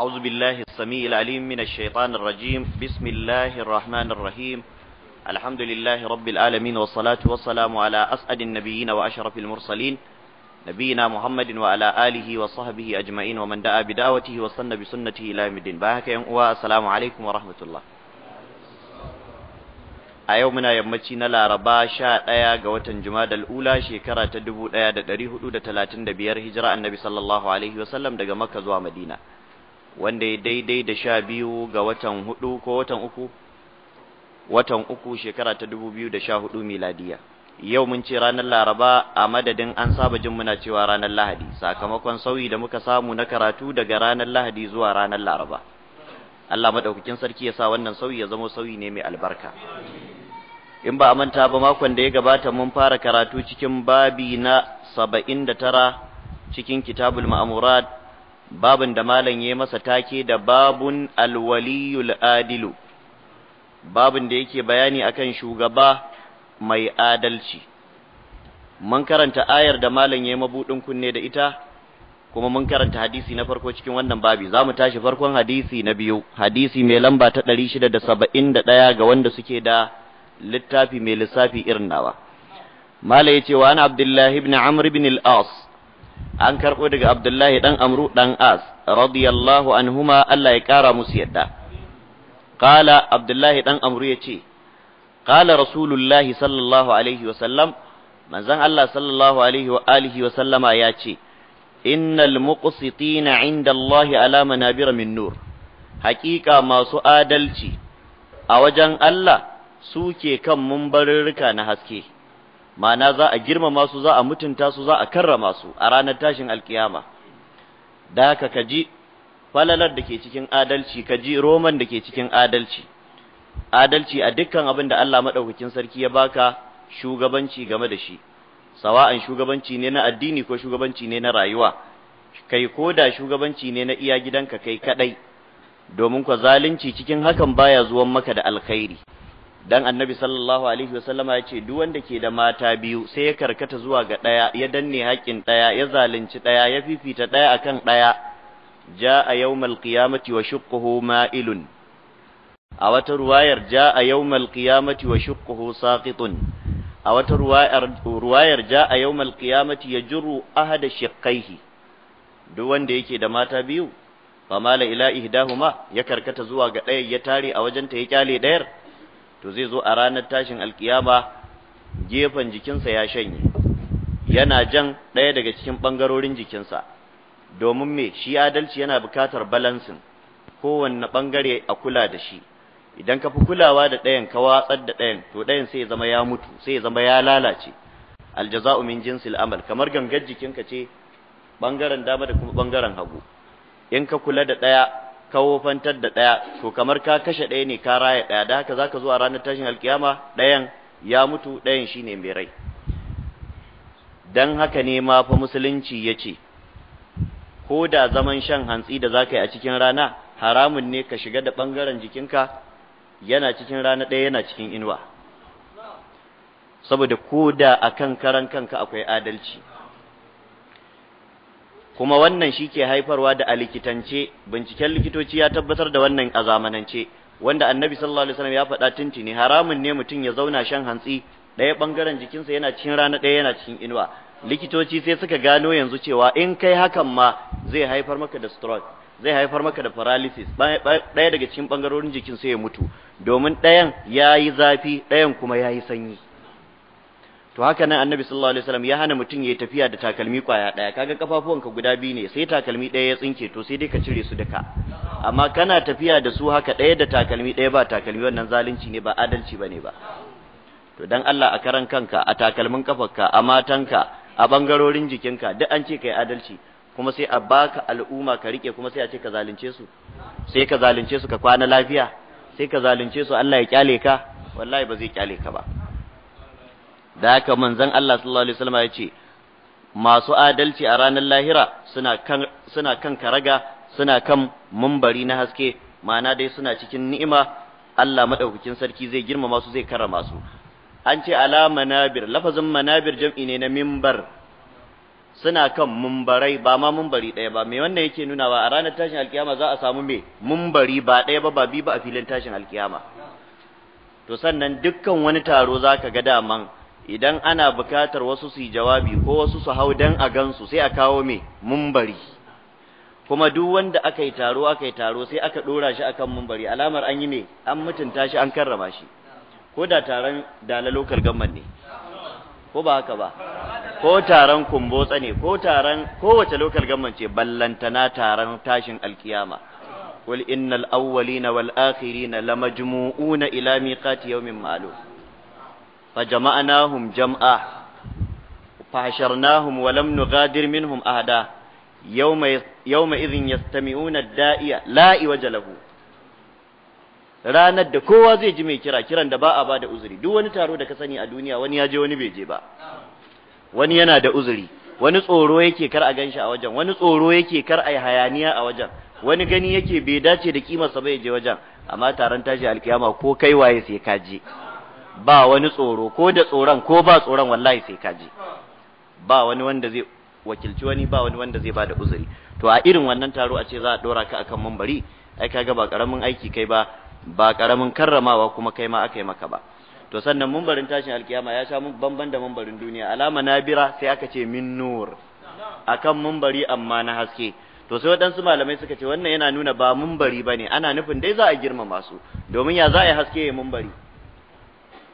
أعوذ بالله السميع العليم من الشيطان الرجيم بسم الله الرحمن الرحيم الحمد لله رب العالمين والصلاة والسلام على أسعد النبيين وأشرف المرسلين نبينا محمد وعلى آله وصحبه أجمعين ومن دعا بدعوته وصن بسنته إلى يوم الدين باهك والسلام عليكم ورحمة الله أيومنا yau muna yammaci شاء أيا sha جماد الأولى watan تدبو أيا shekara ta dubu ɗaya da النبي صلى الله عليه وسلم دقمك hijira مدينة wanda ya daidai da sha biyu ga watan hudu ko watan uku watan uku shekara ta dubu biyu da sha hudu miladiya yau mun ce ranar laraba a madadin an saba jin muna cewa ranar lahadi sakamakon sauyi da muka samu na karatu daga ranar lahadi zuwa ranar laraba Allah madaukakin sarki ya sa wannan sauyi ya zama sauyi ne mai albarka in ba a manta ba makon da ya gabata mun fara karatu cikin babi na saba'in da tara cikin kitabul ma'amurat babin da malam ya masa take da babun alwaliyul adilu babin da yake bayani akan shugaba mai adalci mun karanta ayar da malam ya mabudin kunne da ita kuma mun karanta hadisi na farko cikin wannan babi za mu tashi farkon hadisi na biyu hadisi mai lamba ta 671 ga wanda suke da littafi mai lissafi irin nawa mala yace wa ana abdullahi ibn amr ibn al-as an karɓo daga abdullahi ɗan amru ɗan as radiyallahu anhuma Allah ya ƙara musu yadda qala abdullahi ɗan amru ya ce ƙala rasulullahi sallallahu alaihi wa sallam manzon Allah sallallahu alaihi wa alihi wa ya ce innal muqsitina inda Allah ala manabira min nur haƙiƙa masu adalci a wajen Allah suke kan mumbarurruka na haske ma'ana za a girmama su za a mutunta su za a karrama su a ranar tashin alkiyama da haka ka ji falalar da ke cikin adalci ka ji roman da ke cikin adalci adalci a dukkan abin da Allah maɗaukakin sarki ya baka shugabanci game da shi sawa'an shugabanci ne na addini ko shugabanci ne na rayuwa kai ko da shugabanci ne na iya gidanka kai kaɗai domin kwa zalunci cikin hakan baya zuwan maka da alkhairi dan annabi sallallahu alaihi wasallama ya ce duk wanda ke da mata biyu sai ya karkata zuwa ga ɗaya ya danne haƙƙin ɗaya ya zalunci ɗaya ya fifita ɗaya akan ɗaya ja'a yawmal qiyamati wa shuqquhu ma'ilun a wata ruwayar ja'a yawmal qiyamati wa shuqquhu saqitun a wata ruwayar ruwayar ja'a yawmal qiyamati yajru ahada shiqqaihi duk wanda yake da mata biyu mala ila ihdahuma ya karkata zuwa ga daya ya tare a wajenta ya kyale ɗayar to zai zo a ranar tashin alkiyama gefen jikinsa ya shanye yana jan ɗaya daga cikin ɓangarorin jikinsa domin me shi adalci yana bukatar balansin kowanne ɓangare a kula da shi idan ka fi kulawa da ɗayan ka watsar da ɗayan to ɗayan sai ya zama ya mutu sai ya zama ya lalace aljaza'u min jinsil amal kamar gangar jikinka ce ɓangaren dama da kuma ɓangaren hagu in ka kula da ɗaya ka wofantar da ɗaya to kamar ka kashe ɗaya ne ka raya ɗaya da haka zaka zo a ranar tashin alkiyama ɗayan ya mutu ɗayan shine mai rai dan haka ne ma fa musulunci ya ce, ko da zaman shan hantsi da zaka yi a cikin rana haramun ne ka shiga da bangaren jikinka yana cikin rana ɗaya yana cikin inuwa saboda ko da akan karan kanka akwai adalci kuma wannan shi ke haifarwa da a likitance binciken likitoci ya tabbatar da wannan a zamanance wanda annabi sallallahu alaihi wasallam ya faɗa tuntuni haramun ne mutum ya zauna shan hantsi ɗaya ɓangaren jikinsa yana cikin rana ɗaya yana cikin inuwa likitoci sai suka gano yanzu cewa in kai hakan ma zai haifar maka da stroke zai haifar maka da paralysis ɗaya daga cikin ɓangarorin jikin sai ya mutu domin ɗayan ya yi zafi ɗayan kuma ya yi sanyi to haka nan annabi sallallahu alaihi wasallam ya hana mutum ya tafiya da takalmi kwaya daya kaga kafafuwanka guda biyu ne sai takalmi daya ya tsinke to sai dai ka cire su duka amma kana tafiya da su haka daya da takalmi daya ba takalmi wannan zalunci ne ba adalci bane ba to dan Allah a karan kanka a takalmin kafarka a matan ka, a bangarorin jikinka duk an ce kai adalci kuma sai a baka al'umma ka rike kuma sai a ce ka zalunce su sai ka zalunce su ka kwana lafiya sai ka zalunce su Allah ya kyale ka wallahi ba zai kyale ka ba da haka manzon Allah sallallahu alaihi wasallam ya ce masu adalci a ranar lahira suna kan suna kan karaga suna kan mumbari na haske ma'ana dai suna cikin ni'ima Allah madaukakin sarki zai girmama su zai karama su an ce ala manabir lafazin manabir jam'i ne na mimbar suna kan mumbarai ba ma mumbari ɗaya ba me wannan yake nuna ba a ranar tashin alkiyama za a samu me mumbari ba ɗaya ba ba bi ba a filin tashin alkiyama to sannan dukkan wani taro zaka ga daman idan ana bukatar wasu su yi jawabi ko wasu su hau dan a gansu sai a kawo me mumbari kuma duk wanda aka yi taro aka yi taro sai aka dora shi akan mumbari alamar an yi ne an mutunta shi an karrama shi ko da taron na local government ne ko ba haka ba ko taron kumbotsa ne ko taron kowace local government ce ballantana taron tashin alkiyama wal innal awwalina wal akhirina lamajmu'una ila miqati yawmin ma'lum فجمعناهم جمعا فحشرناهم ولم نغادر منهم أحدا يوم يومئذ يستمعون الداعي لا إوج له ranar da kowa zai ji mai kira kiran da ba a ba da uzuri duk wani taro da ka sani a duniya wani ya je wani bai je ba wani yana da uzuri wani tsoro yake kar a ganshi a wajen wani tsoro yake kar a yi hayaniya a wajen wani gani yake bai dace da kimarsa ba ya je wajen amma taron tashi alkiyama ko kai waye sai ka je ba wani tsoro ko da tsoron ko ba tsoron wallahi sai ka ji ba wani wanda zai wakilci wani ba wani wanda zai bada uzuri to a irin wannan taro a ce za a dora ka akan mambari ai kaga ba karamin aiki kai ba ba karamin karramawa kuma kai ma aka yi maka ba to sannan mambarin tashin alkiyama ya sha bamban da mambarin duniya alama nabira sai aka ce min nur akan mambari amma na haske to sai waɗansu malamai suka ce wannan yana nuna ba mambari ba ne ana nufin dai za a girmama su domin ya za a yi haske ya mumbari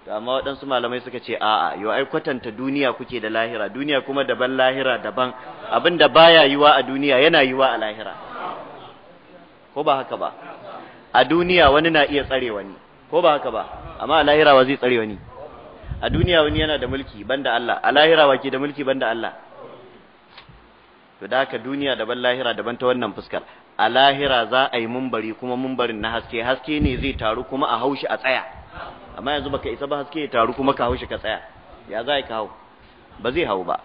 to amma waɗansu malamai suka ce a'a yau ai kwatanta duniya kuke da lahira duniya kuma daban lahira daban abin da baya yiwa a duniya yana yiwa a lahira ko ba haka ba a duniya wani na iya tsare wani ko ba haka ba amma a lahira wa zai tsare wani a duniya wani yana da mulki banda Allah a lahira wa ke da mulki banda Allah to da haka duniya daban lahira daban ta wannan fuskar a lahira za a yi mumbari kuma mumbarin na haske haske ne zai taru kuma a haushi a tsaya amma yanzu baka isa ba haske ya taru kuma kawo shi ka tsaya ya za ka hau ba zai hau ba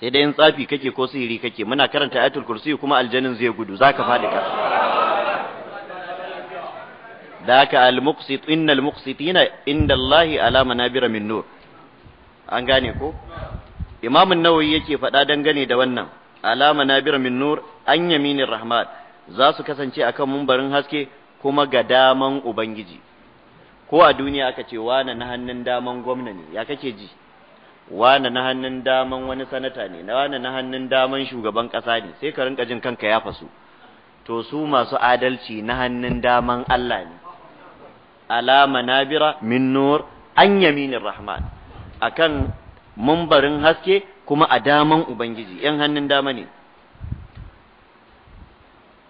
sai dai in tsafi kake ko sihiri kake muna karanta ayatul kursi kuma aljanin zai gudu za ka faɗi ka daka ka muqsit innal muqsitina inda Allah ala manabira min nur an gane ko imam an-nawawi yake faɗa dangane da wannan ala manabira min nur an yaminir rahman za su kasance akan mumbarin haske kuma ga daman ubangiji ko a duniya aka ce wane na hannun daman gwamna ne ya kake ji wane na hannun daman wani sanata ne wane na hannun daman shugaban ƙasa ne sai ka rinka jin kanka ya fasu to su masu adalci na hannun daman Allah ne alama nabira min nur an yaminin rahman akan mumbarin haske kuma a daman ubangiji yan hannun dama ne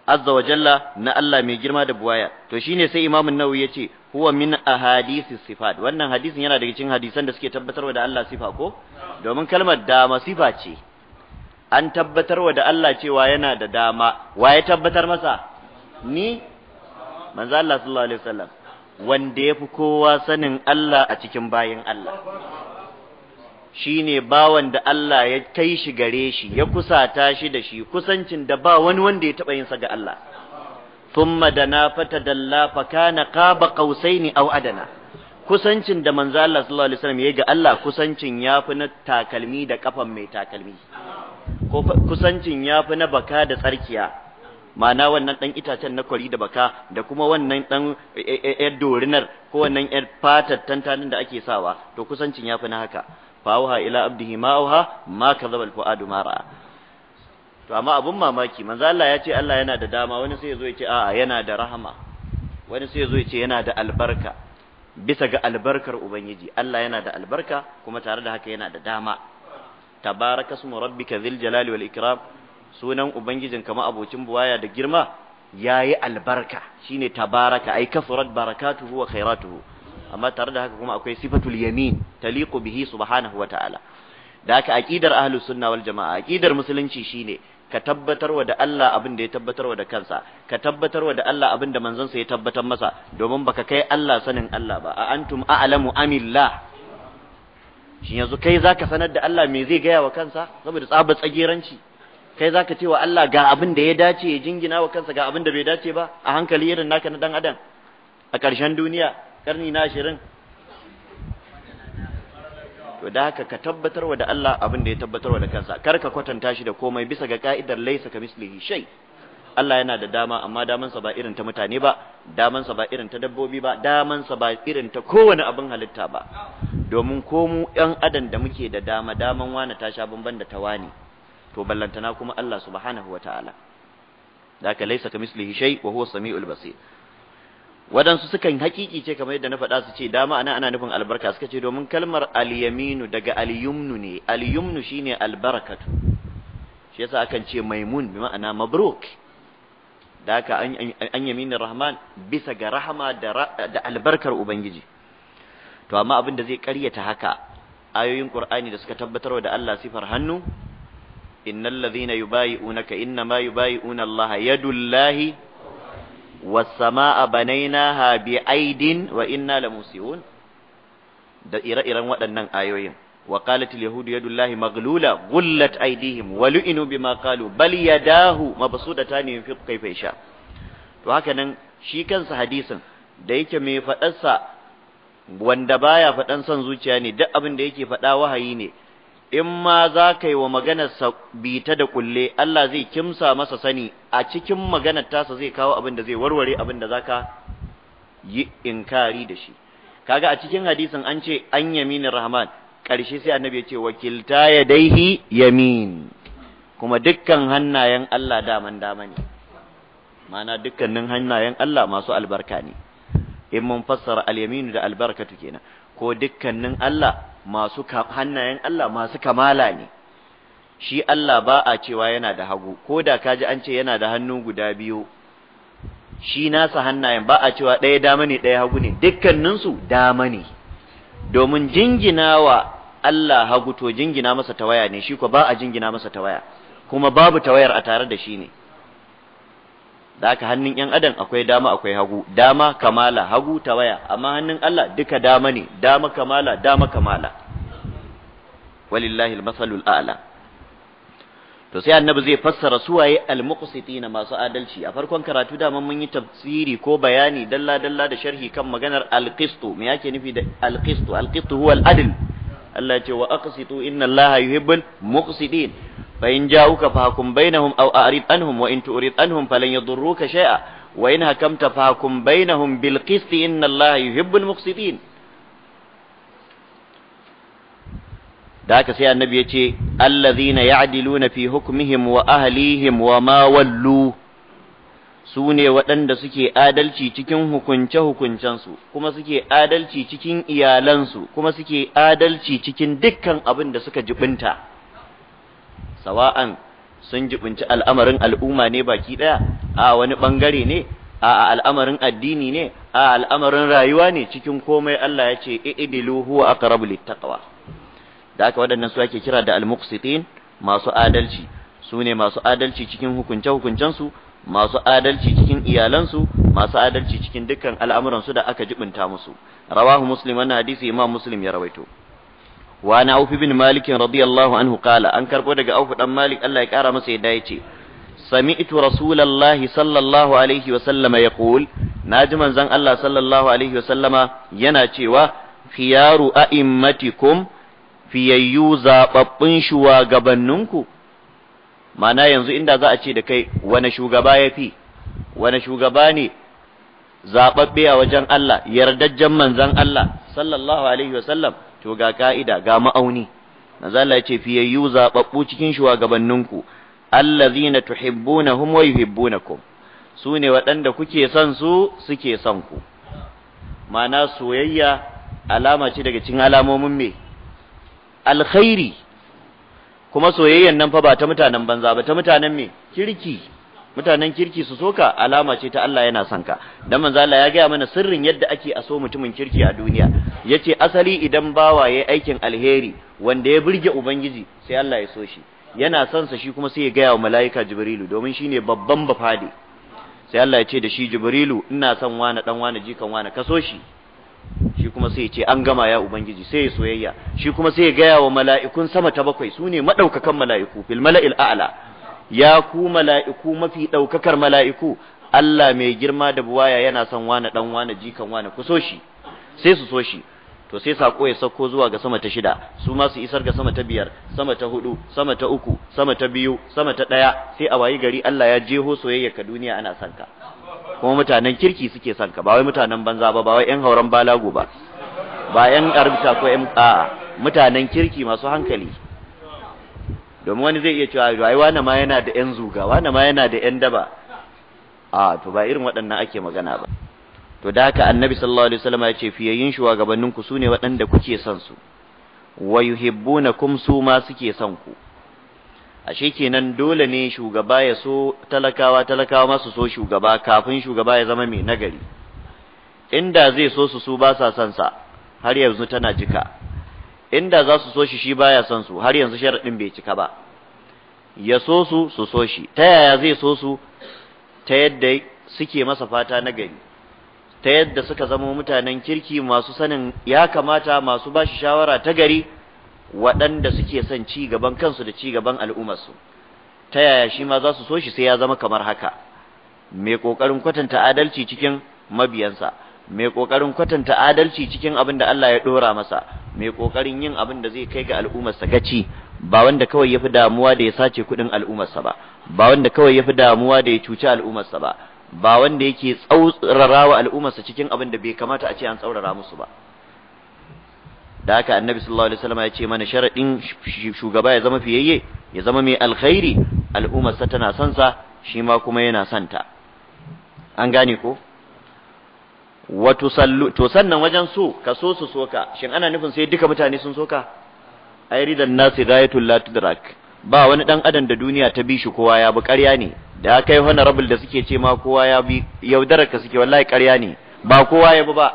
azza wa jalla na Allah mai girma da buwaya to shine sai imamu nawawi yace huwa min ahadisi sifat wannan hadisin yana daga cikin hadisan da suke tabbatarwa da Allah sifa ko domin kalmar dama sifa ce an tabbatarwa da Allah cewa yana da dama wa ya tabbatar masa ni manzo Allah sallallahu alaihi wasallam wanda yafi kowa sanin Allah a cikin bayin Allah ne bawan da Allah ya kai shi gare shi ya kusata shi da shi kusancin da ba wani wanda ya taɓa yin sa ga Allah thumma fata fatadalla fa kana qaba qausaini aw adana kusancin da manzo Allah sallallahu alaihi wasallam yayi ga Allah kusancin yafi na takalmi da kafan mai takalmi ko kusancin yafi na baka da tsarkiya ma'ana wannan ɗan itacen na kwari da baka da kuma wannan ɗan eh, eh, eh, ‘yar dorinar ko wannan ‘yar fatar tantanin da ake sawa to kusancin ya fi na haka fawha ila abdihi ma auha ma kadhaba alfuadu ma ra'a to amma abun mamaki manzo Allah ya ce Allah yana da dama wani sai ya ya ce a'a yana da rahama wani sai ya ya ce yana da albarka bisa ga albarkar ubangiji Allah yana da albarka kuma tare da haka yana da dama tabarakasmu rabbika dhil jalali wal ikram sunan ubangijin kama abocin buwaya da girma yayi albarka shine tabaraka ai kasurat barakatuhu wa khairatuhu amma tare da haka kuma akwai sifatul yamin taliqu bihi subhanahu wa ta'ala da haka aqidar ahlus sunna wal jama'a aqidar musulunci shine ka tabbatarwa da Allah abin da ya tabbatarwa da kansa ka tabbatarwa da Allah abin da manzonsa ya tabbatar masa domin baka kai Allah sanin Allah ba a antum a'lamu amillah shi yanzu kai zaka sanar da Allah me zai gaya wa kansa saboda tsaba tsagiranci kai zaka ce wa Allah ga abin da ya dace ya jingina wa kansa ga abin da bai dace ba a hankali irin naka na dan adam a ƙarshen duniya karni na ashirin to da haka ka wa da Allah abin da ya tabbatar wa da kansa kar ka kwatanta shi da komai bisa ga ka'idar laisa ka mislihi shay Allah yana da dama amma damansa ba irin ta mutane ba damansa ba irin ta dabbobi ba damansa ba irin ta kowane abin halitta ba domin ko mu ƴan adam da muke da dama daman wani ta sha bamban da tawani to ballantana kuma Allah subhanahu wataala da haka laisa ka mislihi shay wa huwa samiul basir wadansu sukan haƙiƙi ce kamar yadda na faɗa su ce dama ana ana nufin albarka suka ce domin kalmar al daga alyumnu ne alyumnu shine albarakatu shi yasa akan ce maimun bi ma'ana mabruk da haka an yaminin rahman bisa ga rahama da albarkar ubangiji to amma abin da zai karyata haka ayoyin qur'ani da suka tabbatarwa da Allah sifar hannu innal ladhina yubayi'unaka ma yubayi'una Allah yadullahi wasama'a Banaina, bi aidin wa lamusihun da ire-iren waɗannan ayoyin wa qalat al-yahudu yadullahi maghlula ghullat aydihim wa lu'inu bima qalu bal yadahu mabsudatan yunfiqu kayfa yasha to haka nan shi kansa hadisin da yake mai faɗarsa wanda baya faɗan son zuciya ne duk abin da yake faɗa wahayi ne in ma za ka yi wa maganarsa bita da kulle Allah zai kimsa masa sani a cikin maganar tasa zai kawo abin da zai warware abin da za ka yi inkari da shi kaga a cikin hadisin an ce an yaminin rahman ƙarshe sai annabi ya ce wakilta ya daihi yamin kuma dukkan hannayen Allah daman dama ne ma'ana dukkanin hannayen Allah masu albarka ne in mun fassara al-yaminu da albarkatu kenan ko dukkanin Allah masu hannayen Allah masu kamala ne shi Allah ba a cewa yana da hagu ko da kaji an ce yana da hannu guda biyu shi nasa hannayen ba a cewa ɗaya dama ne ɗaya hagu ne dukkaninsu dama ne domin jinginawa Allah hagu to jingina masa tawaya ne shi ko ba a jingina masa tawaya kuma babu tawayar a tare da shi ne da aka hannun ‘yan adam akwai dama akwai hagu, dama kamala, hagu ta waya, amma hannun Allah duka dama ne, dama kamala, dama kamala. Walillahi masalul a'la. To sai annabi zai fassara suwaye almuqsitina masu adalci a farkon karatu dama mun yi tafsiri ko bayani dalla dalla da sharhi kan maganar alqistu me yake nufi da alqistu alqistu huwa al-adl Allah ce wa aqsitu inna Allaha yuhibbul muqsitin فإن جاءوك فحكم بينهم أو أعرض عنهم وإن تؤرض عنهم فلن يضروك شيئا وإن حكمت فحكم بينهم بالقسط إن الله يحب المقسطين ذاك سي النبي يتي الذين يعدلون في حكمهم وأهليهم وما ولوا su ne waɗanda suke adalci cikin hukunce-hukuncensu, kuma suke adalci cikin iyalansu, kuma suke adalci cikin dukkan abin da suka jibinta. sawa'an sun jibinci al'amarin al'umma ne baki ɗaya a wani ɓangare ne a al'amarin addini ne a al'amarin rayuwa ne cikin komai Allah ya ce i'dilu huwa aqrabu littaqwa da aka waɗannan su ake kira da al-muqsitin masu adalci su ne masu adalci cikin hukunce hukuncensu masu adalci cikin iyalansu masu adalci cikin dukkan al'amuransu da aka jibinta musu rawahu muslim wannan hadisi imam muslim ya rawaito wa na aufi bin malik radiyallahu anhu qala an karɓo daga aufu dan malik Allah ya kara masa yadda yace sami'tu rasulallahi sallallahu alaihi wa sallama yaqul naji manzon Allah sallallahu alaihi wa sallama yana cewa khiyaru a'immatikum fiyayyu zababbun shugabanninku mana yanzu inda za a ce da kai wani shugaba ya fi wani shugaba ne zaɓaɓɓe a wajen Allah yardajjen manzan Allah sallallahu alaihi to ga ka'ida ga ma'auni manzo Allah ce fiye fiyayyu zababbu cikin shugabanninku allazina tuhibbunahum wa yuhibbunakum sune waɗanda kuke son su suke son ku Mana soyayya alama ce daga cikin alamomin me alkhairi kuma soyayyan nan fa ba ta mutanen banza ba ta mutanen me kirki mutanen kirki su soka alama ce ta Allah yana son ka dan manzo Allah ya gaya mana sirrin yadda ake a so mutumin kirki a duniya yace asali idan bawa yayi aikin alheri wanda ya burge ubangiji sai Allah ya so shi yana son sa shi kuma sai ya gaya wa malaika jibrilu domin shine babban bafade sai Allah ya ce da shi jibrilu ina son wani dan wani jikan wani ka so shi shi kuma sai ya ce an gama ya ubangiji sai ya soyayya shi kuma sai ya gaya wa mala'ikun sama ta bakwai sune madaukakan mala'iku fil mala'il a'la ya ku mala'iku mafi ɗaukakar mala'iku Allah mai girma da buwaya yana son wani ɗan wani jikan wani ku so shi sai su so shi to sai sako ya sauko zuwa ga sama ta shida su ma su isar ga sama ta biyar sama ta hudu sama ta uku sama ta biyu sama ta ɗaya sai a wayi gari Allah ya jeho soyayya ka duniya ana son ka kuma mutanen kirki suke son ka ba wai mutanen banza ba ba wai 'yan hauren balago ba ba 'yan arbita ko 'yan. a mutanen kirki masu hankali domin wani zai iya cewa rayuwa wani ma yana da yan zuga wani ma yana da yan daba a to ba irin waɗannan ake magana ba to da haka annabi sallallahu alaihi wasallam ya ce fiyayin shugabannin ku sune waɗanda kuke son su wa yuhibbunakum su ma suke son ku ashe kenan dole ne shugaba ya so talakawa talakawa masu so shugaba kafin shugaba ya zama mai nagari inda zai so su su ba sa son har yanzu tana jika inda za su so shi shi baya son su har yanzu sharaɗin bai cika ba ya so su su so shi ta yaya zai so su ta yadda suke masa fata na gari ta yadda suka zama mutanen kirki masu sanin ya kamata masu ba shi shawara ta gari waɗanda suke son ci gaban kansu da ci gaban al'ummarsu ta yaya shi ma za su so shi sai ya zama kamar haka mai ƙoƙarin kwatanta adalci cikin mabiyansa mai ƙoƙarin kwatanta adalci cikin abin da Allah ya ɗora masa mai kokarin yin abin da zai kai ga al'ummarsa gaci ba wanda kawai yafi damuwa da ya sace kuɗin al'ummarsa ba ba wanda kawai yafi damuwa da ya cuci al'ummarsa ba ba wanda yake tsaurara wa al'ummarsa cikin abin da bai kamata a ce an tsaurara musu ba da haka annabi sallallahu alaihi wasallam ya ce mana sharadin shugaba ya zama fiyayye ya zama mai alkhairi al'ummarsa tana son sa shi ma kuma yana son ta an gane ko wa tusallu to sannan wajen so ka su soka shin ana nufin sai duka mutane sun soka ai ridan nasi ghayatul la tudrak ba wani dan adam da duniya ta bi shi kowa ya bi ƙarya ne da kai rabul da suke ce ma kowa ya bi yaudarar ka suke wallahi ƙarya ne ba kowa ya bi ba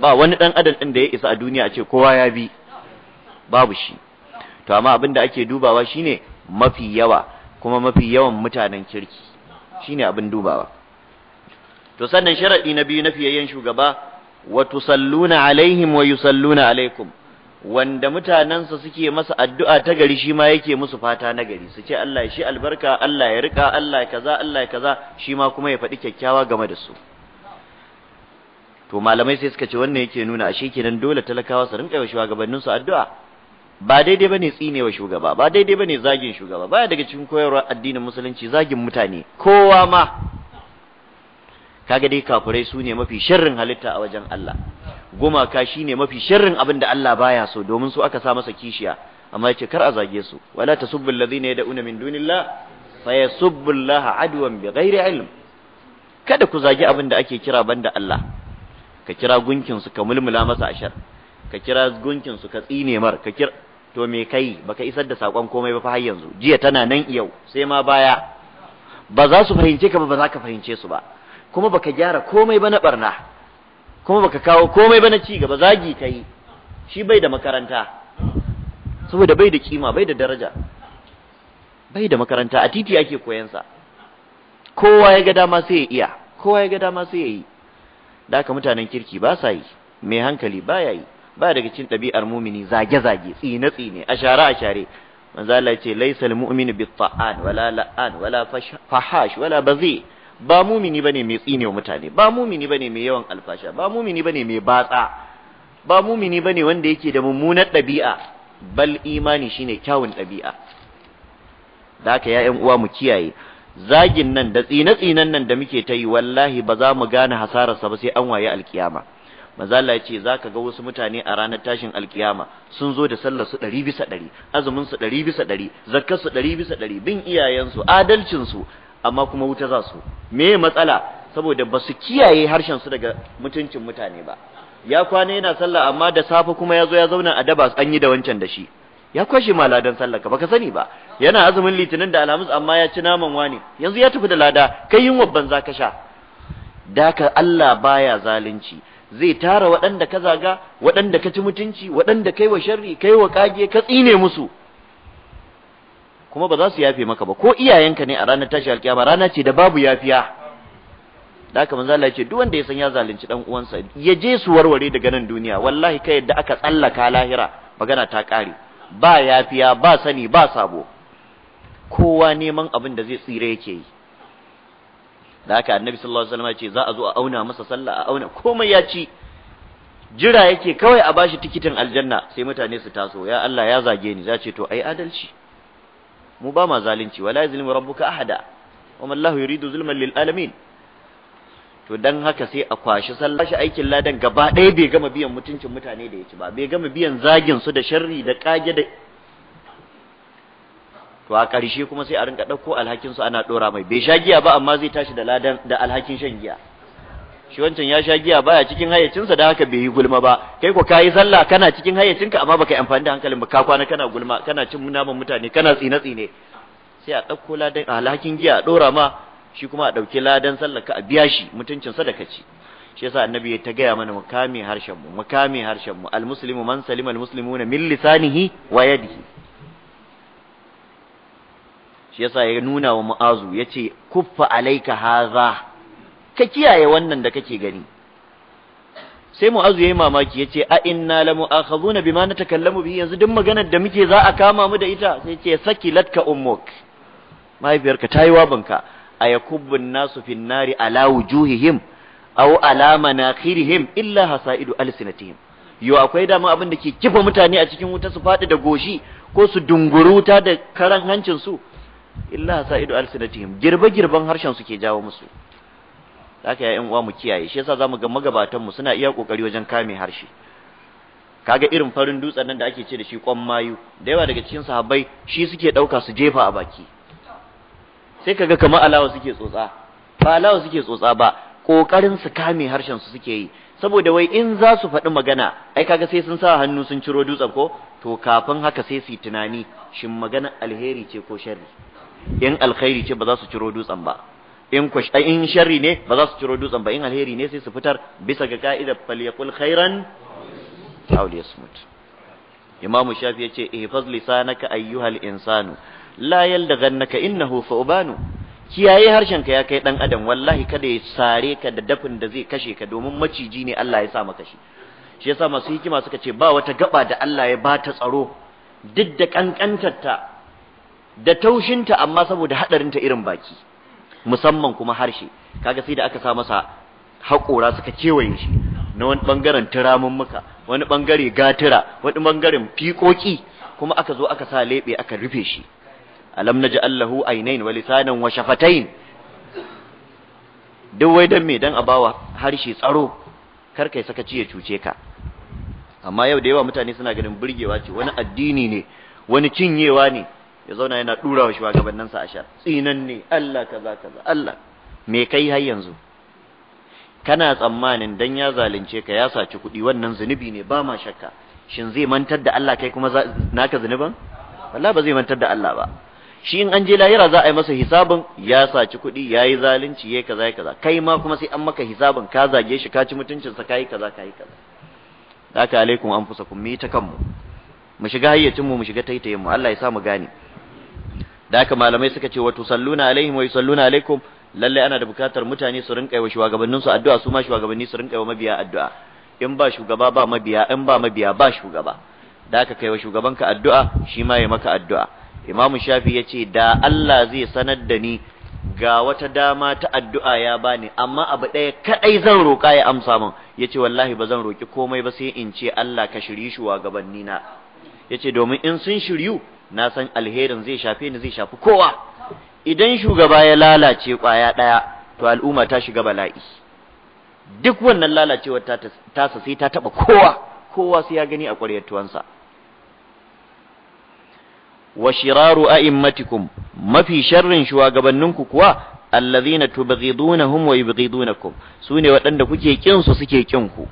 ba wani dan adam din da ya isa a duniya a ce kowa ya bi babu shi to amma abin da ake dubawa shine mafi yawa kuma mafi yawan mutanen kirki shine abin dubawa to sannan sharaɗi na biyu na fiyayyen shugaba wa tusalluna alaihim wa yusalluna alaikum wanda mutanensa suke masa addu'a ta gari shi ma yake musu fata na gari su ce Allah shi albarka Allah ya rika Allah ya kaza Allah ya kaza shi ma kuma ya faɗi kyakkyawa game da su to malamai sai suka ce wannan yake nuna ashe kenan dole talakawa su rinka shugabannin su addu'a ba daidai bane tsinewa shugaba ba daidai bane zagin shugaba baya daga cikin koyarwar addinin musulunci zagin mutane kowa ma kaga dai kafirai su ne mafi sharrin halitta a wajen Allah gumaka ne mafi sharrin abin da Allah baya so domin su aka sa masa kishiya amma yace kar a zage su wala tasubbul ladina yad'una min dunillah laha adwan bighairi ilm kada ku zagi abin da ake kira banda Allah ka kira gunkin su ka mulmula masa ashar ka kira gunkin su ka tsine mar ka kira to me kai baka isar da sakon komai ba fa har yanzu jiya tana nan yau sai ma baya ba za su fahimce ka ba ba za ka fahimce su ba kuma baka gyara komai ba na barna kuma baka kawo komai ba na ci gaba zagi yi. shi bai da makaranta saboda bai da kima bai da daraja bai da makaranta a titi ake koyansa kowa ya ga dama sai ya iya kowa ya ga dama sai ya yi da haka mutanen kirki ba sa yi mai hankali ba ya yi ba daga cikin ɗabi'ar mumini zage-zage tsine-tsine a share a share manzo Allah ya ce laysal mu'minu bi ta'an wala la'an wala fahash wala bazi ba mumini bane mai tsine mutane ba mumini bane mai yawan alfasha ba mumini bane mai batsa ba mumini bane wanda yake da mummunar ɗabi'a bal imani shine kyawun ɗabi'a da haka ya'yan uwa mu kiyaye zagin nan da tsine-tsinen nan da muke ta yi wallahi ba za mu gane hasararsa ba sai an waye alkiyama manzo Allah ya ce zaka ga wasu mutane a ranar tashin alkiyama sun zo da sallar su 100 bisa 100 azumin su 100 bisa 100 zakkar su 100 bisa 100 bin iyayensu adalcin su amma kuma wuta za su me matsala saboda ba su kiyaye harshen su daga mutuncin mutane ba ya kwana yana sallah amma da safe kuma ya zo ya zauna a daba an yi da wancan da shi ya kwashe ma ladan ka baka sani ba yana azumin litinin da alhamis amma ya ci naman wani yanzu ya tafi da lada kai yin wabban za ka sha daka Allah baya zalunci zai tara waɗanda ka zaga waɗanda ka ci mutunci waɗanda kai wa sharri kai wa kage ka tsine musu kuma ba za su yafe maka ba ko iyayenka ne a ranar tashi alkiyama rana ce da babu yafiya da haka manzo Allah ya ce duk wanda ya san ya zalunci dan uwansa ya je su warware daga nan duniya wallahi kai yadda aka tsallaka lahira magana ta kare ba yafiya ba sani ba sabo kowa neman abin da zai tsire yake yi da haka annabi sallallahu alaihi wasallam ya ce za a zo a auna masa sallah a auna komai ya ci jira yake kawai a bashi tikitin aljanna sai mutane su taso ya Allah ya zage ni za ce to ai adalci mu ba ma zalunci wala yuzlimu rabbuka ahada wa man lahu yuridu zulman lil alamin to dan haka sai a kwashi sallah aikin ladan gaba ɗaya bai gama biyan mutuncin mutane da yake ba bai gama biyan zagin su da sharri da kage da to a ƙarshe kuma sai a rinka ɗauko alhakin su ana ɗora mai bai sha giya ba amma zai tashi da ladan da alhakin shan giya shi wancan ya sha giya baya cikin hayyacinsa da haka bai yi gulma ba kai ko kayi sallah kana cikin hayyacinka amma baka yi amfani da hankalin ba ka kwana kana gulma kana cin naman mutane kana tsine tsine sai a ɗauko ladan alhakin giya a ɗora ma shi kuma a ɗauki ladan sallah ka biya shi mutuncin sadaka ci shi yasa annabi ya ta gaya mana mukami harshen mu mukami harshen mu almuslimu man salima almuslimuna min lisanihi wa yadihi shi yasa ya nuna wa mu'azu yace kuffa alayka hadha ka kiyaye wannan da kake gani sai mu mu'azu yayi mamaki yace a inna la mu'akhazuna bima natakallamu bihi yanzu duk maganar da muke za a kama mu da ita sai ce sakilatka ummuk mahaifiyarka tayi wabanka ayakubbun nasu fin nari ala wujuhihim aw ala manakhirihim illa hasaidu alsinatihim yo akwai dama abin da ke kifa mutane a cikin wuta su faɗi da goshi ko su dunguruta da karan hancin su illa hasaidu alsinatihim girbe girban harshen su ke jawo musu haka ya uwa mu kiyaye shi yasa zamu ga magabatan mu suna iya kokari wajen kame harshe kaga irin farin dutsen nan da ake ce da shi kwan mayu da yawa daga cikin sahabbai shi suke ɗauka su jefa a baki sai kaga kamar alawa suke tsotsa ba alawa suke tsotsa ba kokarin su kame harshen su suke yi saboda wai in za su faɗi magana ai kaga sai sun sa hannu sun ciro dutsen ko to kafin haka sai su yi tunani shin magana alheri ce ko sharri in alkhairi ce ba za su ciro dutsen ba in ku in sharri ne ba za su ciro dutsen ba in alheri ne sai su fitar bisa ga ka'idar falyakul khairan aw liyasmut imam shafi yace ihfaz lisanaka ayyuhal insanu la yaldaghannaka innahu fa'ubanu kiyaye harshenka ya kai dan adam wallahi kada ya sare ka da dafin da zai kashe ka domin maciji ne Allah ya sa maka shi shi yasa masu hikima suka ce ba wata gaba da Allah ya ba ta tsaro duk da kankantarta da taushinta amma saboda hadarinta irin baki musamman kuma harshe kaga sai da aka sa masa haƙora suka kewaye shi na wani ɓangaren turamin muka wani ɓangare gatira wani ɓangaren fiƙoƙi kuma aka zo aka sa leɓe aka rufe shi alam naji allahu ainain wa lisanan wa shafatain duk wai dan me dan a bawa harshe tsaro kar kai sakaci ya cuce ka amma yau da yawa mutane suna ganin burgewa ce wani addini ne wani cinyewa ne ya zauna yana dura wa shugabannin a sha tsinan ne Allah kaza kaza Allah me kai har yanzu kana tsammanin dan ya zalunce ka ya saci kuɗi wannan zunubi ne ba ma shakka shin zai mantar da Allah kai kuma naka zunuban wallahi ba zai mantar da Allah ba shi in an je lahira za a yi masa hisabin ya saci kuɗi ya yi zalunci ya yi kaza ya kaza kai ma kuma sai an maka hisabin ka zage shi ka ci mutuncinsa ka yi kaza ka yi kaza Daka alaikum an fusa kun ta kanmu mu shiga hayyacinmu mu shiga mu Allah ya sa mu gane da haka malamai suka ce wa tusalluna alaihim wa yusalluna alaikum lalle ana da bukatar mutane su rinka yi wa shugabannin su addu'a su ma shugabanni su rinka yi wa mabiya addu'a in ba shugaba ba mabiya in ba mabiya ba shugaba da haka kai wa shugabanka addu'a shi ma ya maka addu'a imamu shafi ya ce da Allah zai sanar da ni ga wata dama ta addu'a ya bani amma abu ɗaya kaɗai zan roƙa ya amsa min ya ce wallahi ba zan roƙi komai ba sai in ce Allah ka shiryi shugabanni na ya ce domin in sun shiryu na san alherin zai shafe ni zai shafi kowa idan shugaba ya lalace kwaya ɗaya to al'umma ta shiga bala'i duk wannan lalacewar tasa sai ta taɓa kowa kowa sai ya gani a ƙwaryar tuwansa wa shiraru a'immatikum mafi sharrin shugabanninku kuwa allazina tubghidunahum wa yubghidunakum sune waɗanda kuke kin su suke kin ku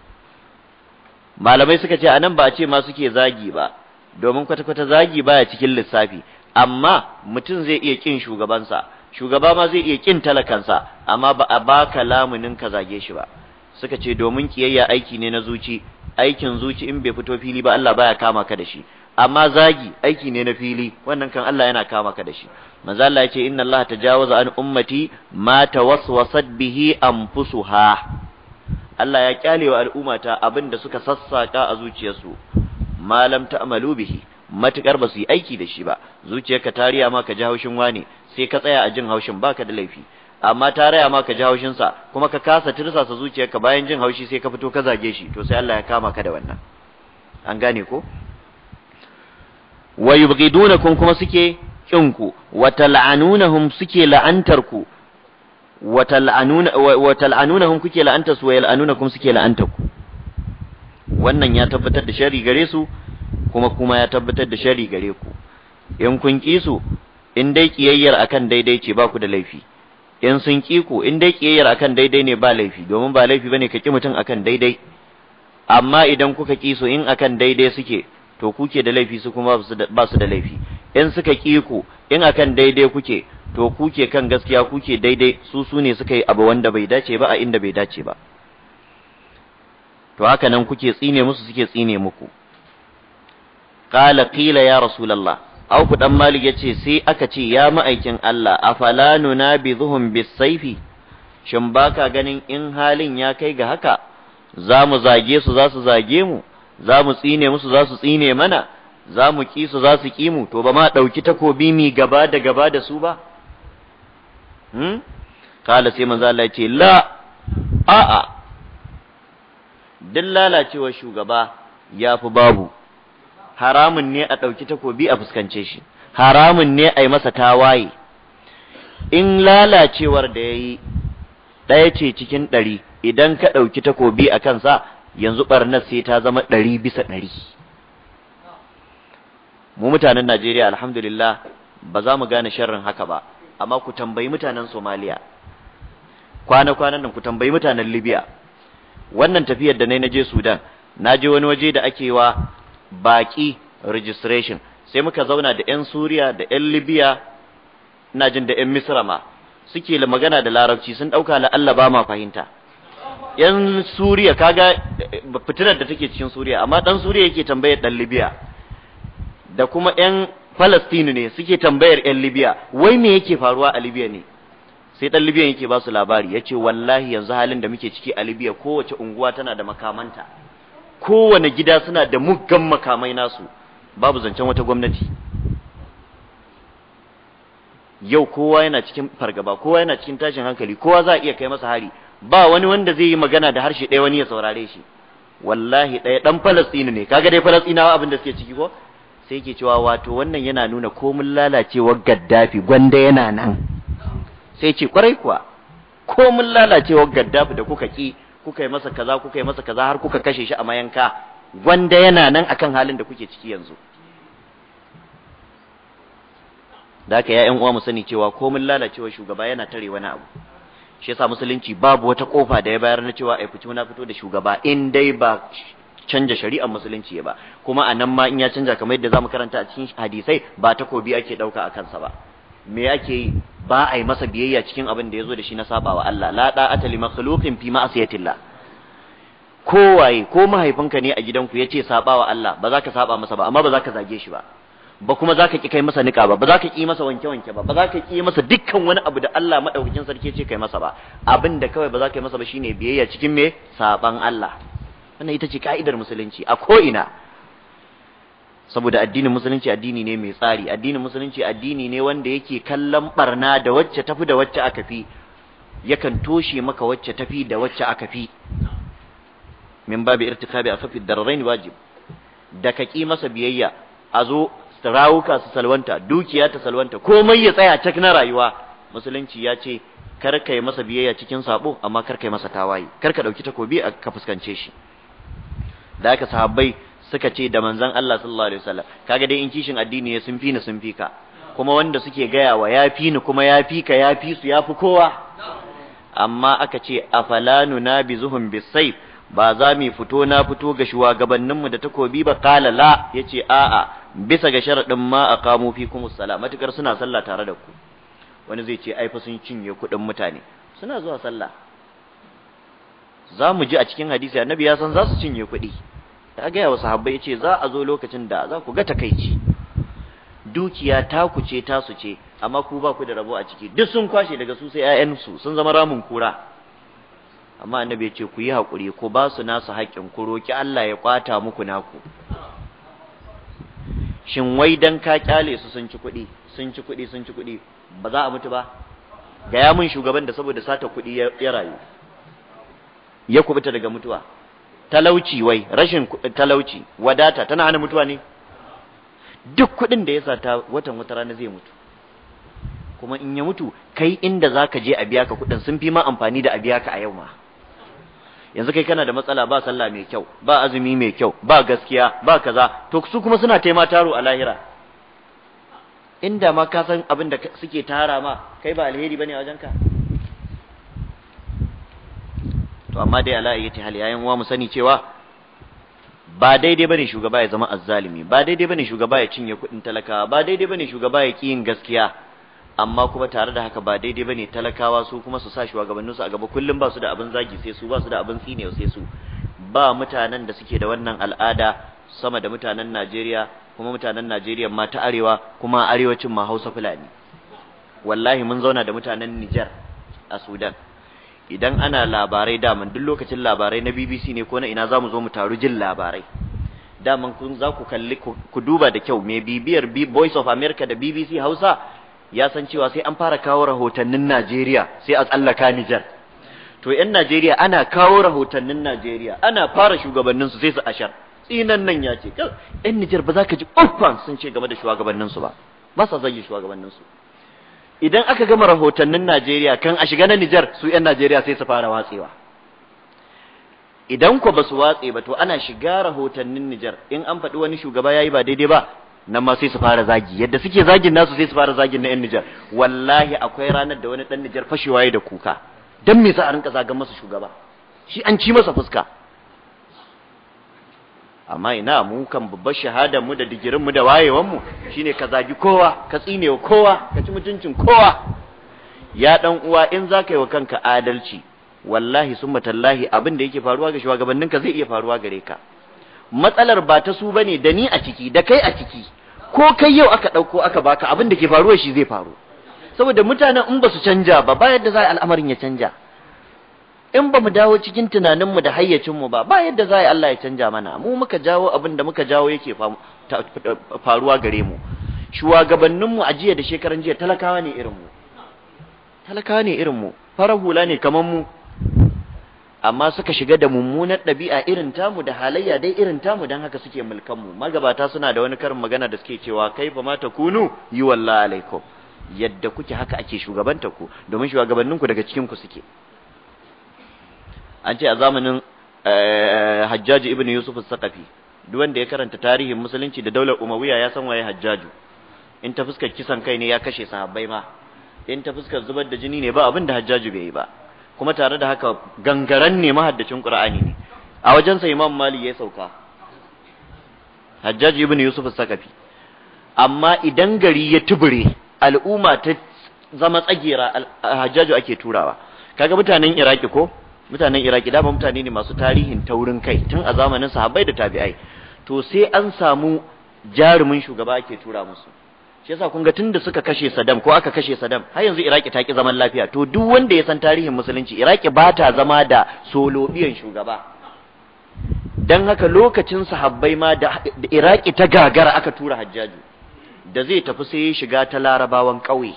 malamai suka ce anan ba a ce ma suke zagi ba domin kwata-kwata zagi baya cikin lissafi amma mutum zai iya kin shugabansa shugaba ma zai iya kin talakansa amma ba a baka lamunin ka zage shi ba suka ce domin kiyayya aiki ne na zuci aikin zuci in bai fito fili ba Allah baya kama ka da shi amma zagi aiki ne na fili wannan kan Allah yana kama ka da shi manzo Allah yace inna Allah tajawaza an ummati ma tawaswasat bihi anfusuha Allah ya kyale wa al'ummata abin da suka sassaka a zuciyarsu Malam ta ta'malu bihi matukar ba su yi aiki da shi ba zuciyarka ta riya ma ka ji haushin wane sai ka tsaya a jin haushin baka da laifi amma ta raya ma ka ji haushin sa kuma ka kasa tirsasa zuciyarka bayan jin haushi sai ka fito ka zage shi to sai Allah ya kama ka da wannan an gane ko wa yubghidunakum kuma suke ku wa tal'anunahum suke ku wa tal'anuna wa tal'anunahum kuke wa yal'anunakum suke la'antarku wannan ya tabbatar da shari gare su kuma kuma ya tabbatar da shari gare ku in kun ki su in dai kiyayyar akan daidai ce ba ku da laifi in sun ki ku in dai kiyayyar akan daidai ne ba laifi domin ba laifi bane ka ki mutum akan daidai amma idan kuka ki su in akan daidai suke to kuke da laifi su kuma ba su da laifi in suka ki ku in akan daidai kuke to kuke kan gaskiya kuke daidai su su ne suka yi abu wanda bai dace ba a inda bai dace ba to haka nan kuke tsine musu suke tsine muku qala qila ya rasulullah au ku dan malik yace sai aka ce ya ma'aikin Allah afala nunabidhuhum bisayfi shin baka ganin in halin ya kai ga haka za mu zage su za su zage mu za mu tsine musu za su tsine mana za mu ki su za su ki mu to ba ma ɗauki takobi mi gaba da gaba da su ba hmm? kala sai manzo Allah ya ce la a'a duk lalacewar shugaba ya fi babu haramun ne a ɗauki takobi a fuskance shi haramun ne a yi masa tawaye in lalacewar da ya yi ɗaya ce cikin ɗari idan ka ɗauki takobi a kansa yanzu ɓarnar sai ta zama ɗari bisa ɗari mu mutanen najeriya alhamdulillah ba za mu gane sharrin haka ba amma ku tambayi mutanen somaliya kwana-kwanan nan ku tambayi mutanen libya wannan tafiyar da na je Sudan na je wani waje da ake wa baki registration sai muka zauna da 'yan Suriya da 'yan Libya ina jin da 'yan Misra ma suke magana da larabci sun ɗauka Allah ba ma fahimta 'yan Suriya kaga eh, fitinar da take cikin Suriya amma ɗan Suriya yake tambayar ɗan Libya da kuma 'yan Falastini ne suke tambayar 'yan Libya wai me yake faruwa a Libya ne sai dan libiya yake ba su labari ce wallahi yanzu halin da muke ciki a Libya kowace unguwa tana da makamanta kowane gida suna da muggan makamai nasu babu zancen wata gwamnati yau kowa yana cikin fargaba kowa yana cikin tashin hankali kowa za a iya kai masa hari ba wani wanda zai yi magana da harshe ɗaya wani ya saurare shi wallahi ɗaya ɗan falastini ne kaga dai falastinawa abin da suke ciki ko sai ke cewa wato wannan yana nuna komin lalacewar gaddafi gwanda yana nan sai ce kwarai kuwa ko mun lalacewar gaddafi da kuka ki kuka yi masa kaza kuka yi masa kaza har kuka kashe shi a mayanka gwanda yana nan akan halin da kuke ciki yanzu da haka ya'yan uwa mu sani cewa ko mun lalacewar shugaba yana tare wani abu shi yasa musulunci babu wata kofa da ya bayar na cewa ai fice na fito da shugaba in dai ba canja shari'ar musulunci ba kuma a nan ma in ya canja kamar yadda zamu karanta a cikin hadisai ba takobi ake dauka a kansa ba me yake yi ba a yi masa biyayya cikin abin da ya zo da shi na wa Allah la ata li makhluqin fi ma'siyatillah kowaye ko mahaifinka ne a gidanku ya ce wa Allah ba za ka saba masa ba amma ba za ka zage shi ba ba kuma za ka ki kai masa niƙa ba ba za ka ki masa wanke wanke ba ba za ka ki masa dukkan wani abu da Allah madaukakin sarki ce kai masa ba abin da kawai ba za ka yi masa ba shine biyayya cikin me saban Allah wannan ita ce ka'idar musulunci a ko ina saboda addinin musulunci addini ne mai tsari addinin musulunci addini ne wanda yake kallon barna da wacce tafi da wacce aka fi yakan toshe maka wacce tafi da wacce aka fi min babu irtikabi asafi dararain wajib da ka ki masa biyayya a zo rawuka su salwanta dukiya ta salwanta komai ya tsaya cak na rayuwa musulunci ya ce kar ka yi masa biyayya cikin sabo amma kar ka yi masa tawaye kar ka ɗauki takobi ka fuskance shi da aka sahabbai suka ce da manzan Allah sallallahu alaihi wasallam kaga dai in kishin addini ya sun fi ni sun fi ka kuma wanda suke gaya wa ya fi ni kuma ya fi ka ya fi su ya fi kowa amma aka ce afalanu na bi zuhun bisayf ba za mu fito na fito ga mu da takobi ba kala la yace a'a bisa ga sharadin ma aqamu fikum as-sala matukar suna sallah tare da ku wani zai ce ai fa sun cinye kuɗin mutane suna zuwa sallah za mu ji a cikin hadisi annabi ya san za su cinye kuɗi ya gaya wa sahabbai ce za a zo lokacin da za ku ga takaici dukiya ta ce ta ce amma ku ba ku da rabo a ciki duk sun kwashe daga su sai ƴaƴansu sun zama ramin kura amma annabi ya ce ku yi haƙuri ku ba su nasu haƙƙin ku roki Allah ya kwata muku naku shin wai dan ka kyale su sun ci kuɗi sun ci kuɗi sun ci kuɗi ba za a mutu ba gaya mun shugaban da saboda sata kuɗi ya rayu ya kubuta daga mutuwa talauci wai rashin talauci wadata tana hana mutuwa ne duk kuɗin da ya sata watan wata rana zai mutu kuma in ya mutu kai inda za ka je a biya ka kuɗin sun fi ma amfani da a biya ka a yau ma yanzu kai kana da matsala ba sallah mai kyau ba azumi mai kyau ba gaskiya ba kaza to su kuma suna taima taro a lahira inda ma ka san abin da suke tara ma kai ba alheri bane a wajenka to amma dai ala ayyati hal yayin wa mu sani cewa ba daidai bane shugaba ya zama azzalimi ba daidai bane shugaba ya cinye kuɗin talakawa ba daidai bane shugaba ya kiyin gaskiya amma kuma tare da haka ba daidai bane talakawa su kuma su sa shugabannin su a gaba kullum ba su da abin zagi sai su ba su da abin tsine sai su ba mutanen da suke da wannan al'ada sama da mutanen Najeriya kuma mutanen Najeriya ma ta arewa kuma arewacin ma Hausa Fulani wallahi mun zauna da mutanen Nijar a Sudan idan ana labarai daman duk lokacin labarai na BBC ne ko na ina za mu zo mu taru jin labarai daman kun za ku kalli ku duba da kyau mai bibiyar Voice of America da BBC Hausa ya san cewa sai an fara kawo rahotannin Najeriya sai a tsallaka Nijar to yan Najeriya ana kawo rahotannin Najeriya ana fara shugabannin su sai su ashar tsinan nan ya ce yan Nijar ba za ka ji uffan oh, sun ce game da shugabannin su ba ba sa zagi su. idan aka gama rahotannin Najeriya kan a shiga na Nijar su 'yan Najeriya sai su fara watsewa idan ku ba su watse ba to ana shiga rahotannin Nijar in an faɗi wani shugaba ya yi ba daidai ba nan ma sai su fara zagi yadda suke zagin nasu sai su fara zagin na 'yan Nijar wallahi akwai ranar da wani ɗan Nijar fashewa da kuka dan me su a rinka zagan masa shugaba shi an ci masa fuska amma ina mu kan babbar shahadar mu da digirin mu da wayewan mu shine ka zagi kowa ka tsinewa kowa ka ci mutuncin kowa ya dan uwa in zaka yi wa kanka adalci wallahi summa tallahi abin da yake faruwa ga ka zai iya faruwa gare ka matsalar ba ta su bane da ni a ciki da kai a ciki ko kai yau aka dauko aka baka abin da ke faruwa shi zai faru saboda mutanen in ba su canja ba ba da za al'amarin ya canja in ba mu dawo cikin tunaninmu da hayyacinmu ba ba yadda za a yi Allah ya canja mana mu muka jawo abin da muka jawo yake faruwa gare mu shugabanninmu a jiya da shekaran jiya talakawa ne irinmu talakawa farar hula ne kamar mu amma suka shiga da mummunar ɗabi'a irin tamu da halayya dai irin tamu don haka suke mulkanmu magabata suna da wani karin magana da suke cewa kai fa mata kunu yi wallahi alaikum yadda kuke haka ake shugabanta ku domin shugabanninku daga cikin ku suke an ce a zamanin eh, hajjaji ibn yusuf sakafi duk wanda ya karanta tarihin musulunci da daular umawiya ya san waye hajjaju in ta fuskar kisan kai ne ya kashe sahabbai ma in ta fuskar zubar da jini ne ba abin da hajjaju bai yi ba kuma tare da haka gangaren ne mahaddacin qur'ani ne a wajen sa, imam mali ya sauka hajjaji ibn yusuf sakafi amma idan gari ya tubure al'umma ta zama tsagera hajjaju ake turawa kaga mutanen iraki ko mutanen iraki dama mutane ne masu tarihin taurin kai tun a zamanin sahabbai da tabi'ai to sai an samu jarumin shugaba ake tura musu shi yasa kun ga da suka kashe Saddam ko aka kashe Saddam har yanzu Iraki ta ki zaman lafiya to duk wanda ya san tarihin musulunci Iraki ba ta zama da solobiyan shugaba dan haka lokacin sahabbai ma da Iraki ta gagara aka tura Hajjaju da zai tafi sai shiga ta Larabawan ƙauye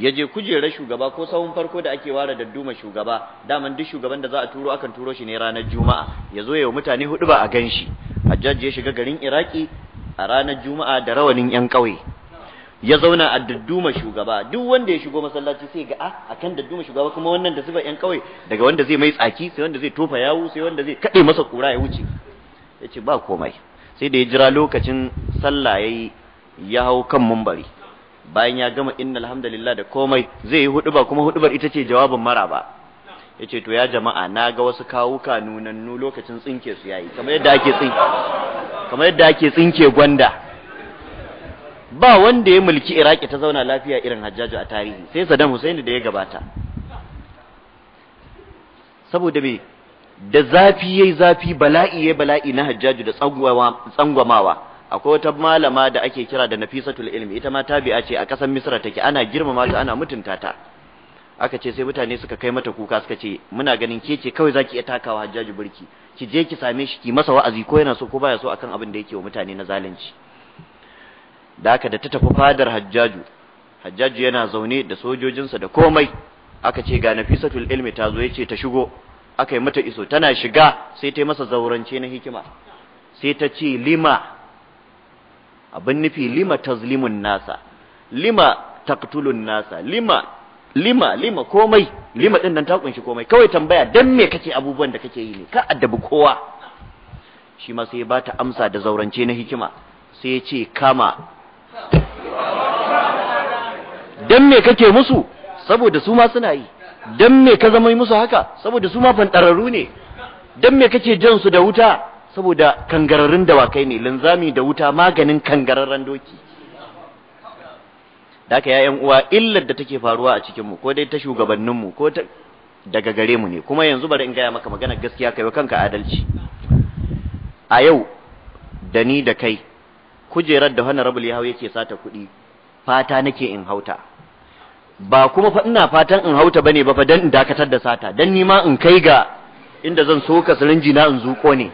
ya je kujerar shugaba ko sahun farko da ake ware dadduma shugaba daman duk shugaban da za a turo akan turo shi ne ranar juma'a ya zo wa mutane hudu ba a gan shi Hajjaji ya shiga garin iraki a ranar juma'a da rawanin yan ƙauye ya zauna a dadduma shugaba duk wanda ya shigo masallaci sai ga ah, a akan dadduma shugaba kuma wannan da zuba yan ƙauye daga wanda zai mai tsaki sai wanda zai tofa yawu sai wanda zai kaɗe masa kura ya wuce ya ce ba komai sai da ya jira lokacin sallah ya ya hau kan mumbari bayan ya gama inna alhamdulillah da komai zai yi huduba kuma hudubar ita ce jawabin mara maraba yace to ya jama'a na ga wasu kawuka nunannu lokacin tsinke su yayi kamar yadda ake tsinke tsinke gwanda ba wanda ya mulki Iraki ta zauna lafiya irin Hajjaju a tarihi sai Saddam Hussein da ya gabata saboda me da zafi yayi zafi bala'i yayi bala'i na Hajjaju da tsangwamawa akwai wata malama da ake kira da nafisatul ilmi ita ma tabi'a ce a kasan misra take ana girmama ta ana mutunta ta aka ce sai mutane suka kai mata kuka suka ce muna ganin ke ce kawai zaki iya takawa hajjaji burki ki je ki same shi ki masa wa'azi ko yana so ko baya so akan abin da yake wa mutane na zalunci da aka da ta tafi fadar hajjaju hajjaju yana zaune da sojojinsa da komai aka ce ga nafisatul ilmi ta zo yace ta shigo aka yi mata iso tana shiga sai ta yi masa zaurance na hikima sai ta ce lima abin nufi lima tazlimun nasa lima taqtulun nasa lima lima lima komai lima din nan ta kunshi komai kawai tambaya dan me kake abubuwan da kake yi ne ka addabi kowa shi ma sai ba ta amsa da zaurance na hikima sai ya ce kama dan me kake musu saboda su ma suna yi dan me ka zama musu haka saboda su ma fantararru ne dan me kake jan su da wuta saboda kangararin dawakai ne linzami da wuta maganin kangararren doki da aka yayan uwa illar da take faruwa a cikinmu ko dai ta shugabanninmu ko ta daga gare mu ne kuma yanzu bari in gaya maka magana gaskiya kai kanka adalci a yau da ni da kai kujerar da rabul yahu yake sata kuɗi fata nake in hauta ba kuma fa ina fatan in hauta bane ba fa dan in dakatar da sata dan ni ma in kai ga inda zan soka sirinji na in zuko ne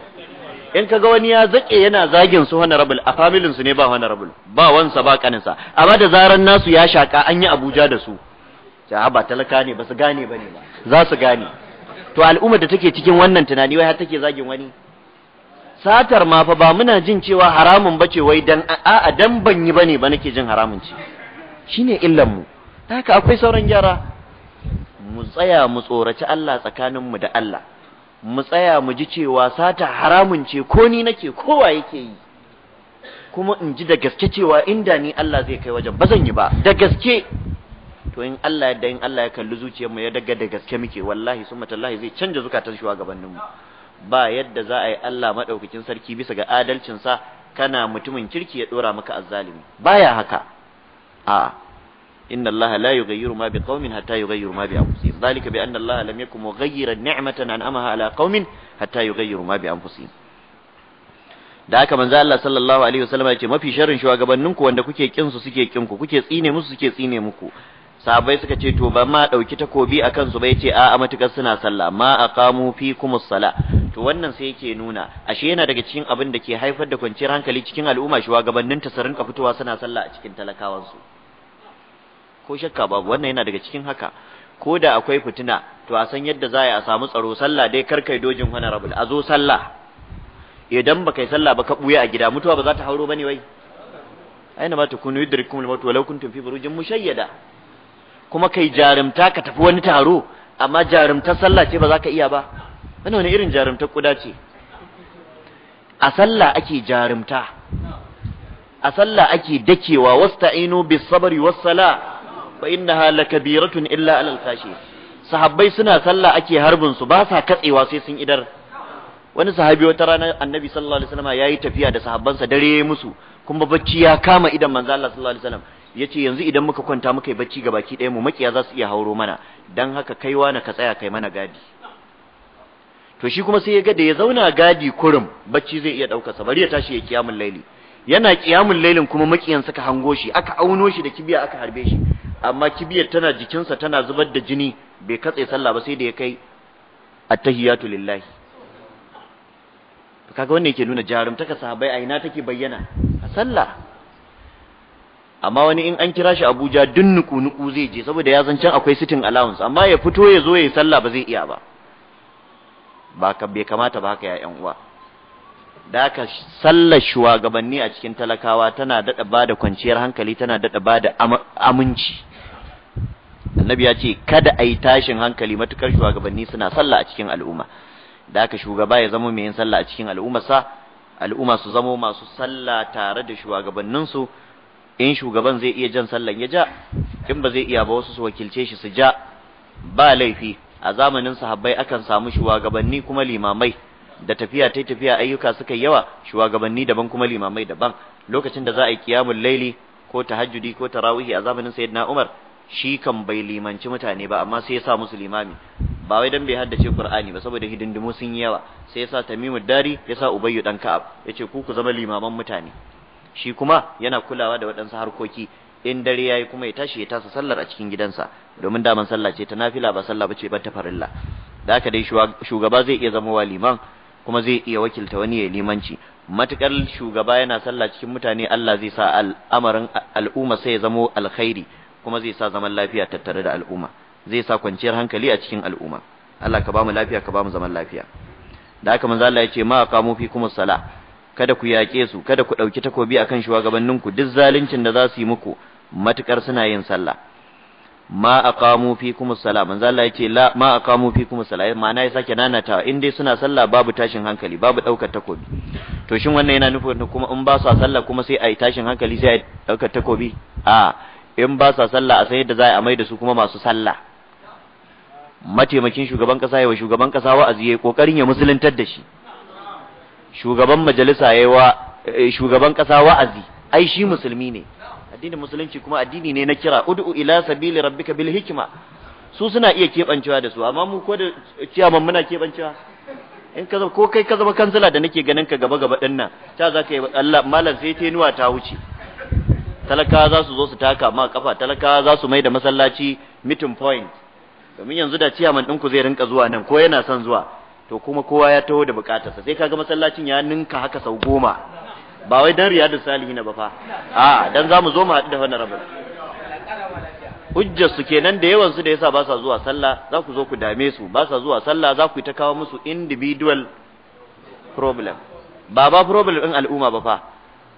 in kaga wani ya zake yana zagin su honorable a familin su ne ba honorable ba wansa ba kaninsa amma da zaran nasu ya shaka an yi Abuja da su ta ba talaka ne ba su gane ba ne ba za su gane to al'ummar da take cikin wannan tunani wai har take zagin wani satar ma fa ba muna jin cewa haramun bace wai dan a'a dan ban yi bane ba nake jin haramun ce shine illan mu haka akwai sauran gyara mu tsaya mu tsoraci Allah tsakaninmu da Allah mu tsaya mu ji cewa sata haramun ce ko ni nake kowa yake yi kuma in ji da gaske cewa inda ni Allah zai kai wajen ba zan yi ba da gaske to in Allah ya in Allah ya kalli zuciyar mu ya daga da gaske muke wallahi summa tallahi zai canja zukatan mu ba yadda za a yi Allah madaukakin sarki bisa ga adalcin sa kana mutumin kirki ya dora maka azzalimi baya haka a inna allaha la yughayyiru ma biqaumin hatta yughayyiru ma bi anfusihim dhalika bi anna allaha lam yakun mughayyiran ni'matan an'amaha ala qaumin hatta yughayyiru ma bi anfusihim da haka manzo Allah sallallahu alaihi wasallam ya ce mafi sharrin shugabanninku wanda kuke kin su suke kin ku kuke tsine musu suke tsine muku sahabbai suka ce to ba ma dauki takobi akan su bai ce a a matukar suna sallah ma aqamu fikum as-sala to wannan sai yake nuna ashe yana daga cikin abin da ke haifar da kwanciyar hankali cikin al'umma shugabannin ta su rinka fitowa suna sallah a cikin talakawansu su ko shakka babu wannan yana daga cikin haka ko da akwai fitina to a san yadda za a samu tsaro sallah dai kar kai dojin rabu a zo sallah idan ba kai sallah ba ka buya a gida mutuwa ba za ta hauro bane wai aina yadda takunu yudrikum al-maut walau kuntum fi burujin mushayyada kuma kai jarumta ka tafi wani taro amma jarumtar sallah ce ba za ka iya ba wannan wani irin jarumtar kuda ce a sallah ake jarumta a sallah ake dakewa wasta'inu bis sabri was salah fa innaha lakabiratun illa alal kashi sahabbai suna sallah ake harbin su ba sa katsewa sai sun idar wani sahabi wata rana annabi sallallahu alaihi wasallam yayi tafiya da sahabbansa dare yayi musu kuma bacci ya kama idan manzo Allah sallallahu alaihi wasallam yace yanzu idan muka kwanta muka yi bacci gabaki ɗaya mu makiya za su iya hauro mana dan haka kaiwa na ka tsaya kai mana gadi to shi kuma sai ya ga da ya zauna gadi kurum bacci zai iya ɗauka sa bari ya tashi ya kiyamul laili yana kiyamul lailin kuma makiyan suka hango shi aka auno shi da kibiya aka harbe shi amma kibiyar tana jikinsa tana zubar da jini bai katse sallah ba sai da ya kai attahiyatu lillahi kaga wannan yake nuna ka sahabbai a ina take bayyana a sallah amma wani in an kira shi Abuja dun nuku nuku zai je saboda ya zancen akwai sitin allowance amma ya fito ya zo ya yi sallah ba zai iya ba ba ka bai kamata ba haka ya uwa da aka sallar shugabanni a cikin talakawa tana daɗa ba da kwanciyar hankali tana daɗa ba da aminci annabi ya ce kada a yi tashin hankali matukar shugabanni suna sallah a cikin al'umma da aka shugaba ya zama mai yin sallah a cikin al'ummarsa al'umma su zamo masu sallah tare da shugabanninsu in shugaban zai iya jan sallan ya ja in ba zai iya ba wasu su wakilce shi su ja ba laifi a zamanin sahabbai akan samu shugabanni kuma limamai da tafiya ta tafiya ayyuka suka yawa shugabanni daban kuma limamai daban lokacin da za a yi kiyamul laili ko tahajjudi ko tarawihi a zamanin sayyidina Umar shi kan bai limanci mutane ba amma sai ya sa musu limami ba wai dan bai haddace Qur'ani ba saboda hidindimu sun yi yawa sai ya sa Tamimu Dari ya sa Ubayyu dan Ka'ab yace ku ku zama limaman mutane shi kuma yana kulawa da waɗansu harkoki in dare yayi kuma ya tashi ya tasa sallar a cikin gidansa domin daman sallah ce ta nafila ba sallah bace ba ta farilla da haka dai shugaba zai iya zama wa kuma zai iya wakilta wani ya limanci matukar shugaba yana sallah cikin mutane Allah zai sa al'amarin al'umma sai ya zama alkhairi kuma zai sa zaman lafiya tattare da al'umma zai sa kwanciyar hankali a cikin al'umma Allah ka bamu lafiya ka bamu zaman lafiya da haka manzo Allah ya ce ma aqamu kumus sala kada ku yaƙe su kada ku ɗauki takobi akan shugabanninku duk zaluncin da za su yi muku matukar suna yin sallah ma aqamu kumus sala manzo Allah ya ce la ma aqamu kumus sala ma'ana ya sake nanatawa in dai suna sallah babu tashin hankali babu ɗaukar takobi to shin wannan yana nufin kuma in ba su sallah kuma sai a yi tashin hankali sai a ɗaukar takobi a in ba sa sallah a san yadda za a mai da su kuma masu sallah mataimakin shugaban kasa yawa shugaban kasa wa'azi yayi kokarin ya musuluntar da shi shugaban majalisa yayi wa eh, shugaban kasa wa'azi ai shi musulmi ne addinin musulunci kuma addini ne na kira ud'u ila sabili rabbika bil hikma su suna iya kebancewa da su amma mu ko da ciyaman muna kebancewa in ka ko kai ka zama kansila da nake ganin ka gaba gaba dinnan ta za ka yi Allah malam sai tenuwa ta wuce talakawa za su zo su taka ma kafa talakawa za su mai da masallaci meeting point domin yanzu da ciyaman ɗinku zai rinka zuwa nan ko yana son zuwa to kuma kowa ya taho da bukatarsa sai kaga masallacin ya ninka haka sau goma ba wai dan riyadu salihin ba fa a dan zamu zo mu haɗu da wannan rabu. hujjar su kenan da yawan su da yasa ba sa zuwa sallah za ku zo ku dame su ba sa zuwa sallah za ku ta kawo musu individual problem ba ba problem din al'umma ba fa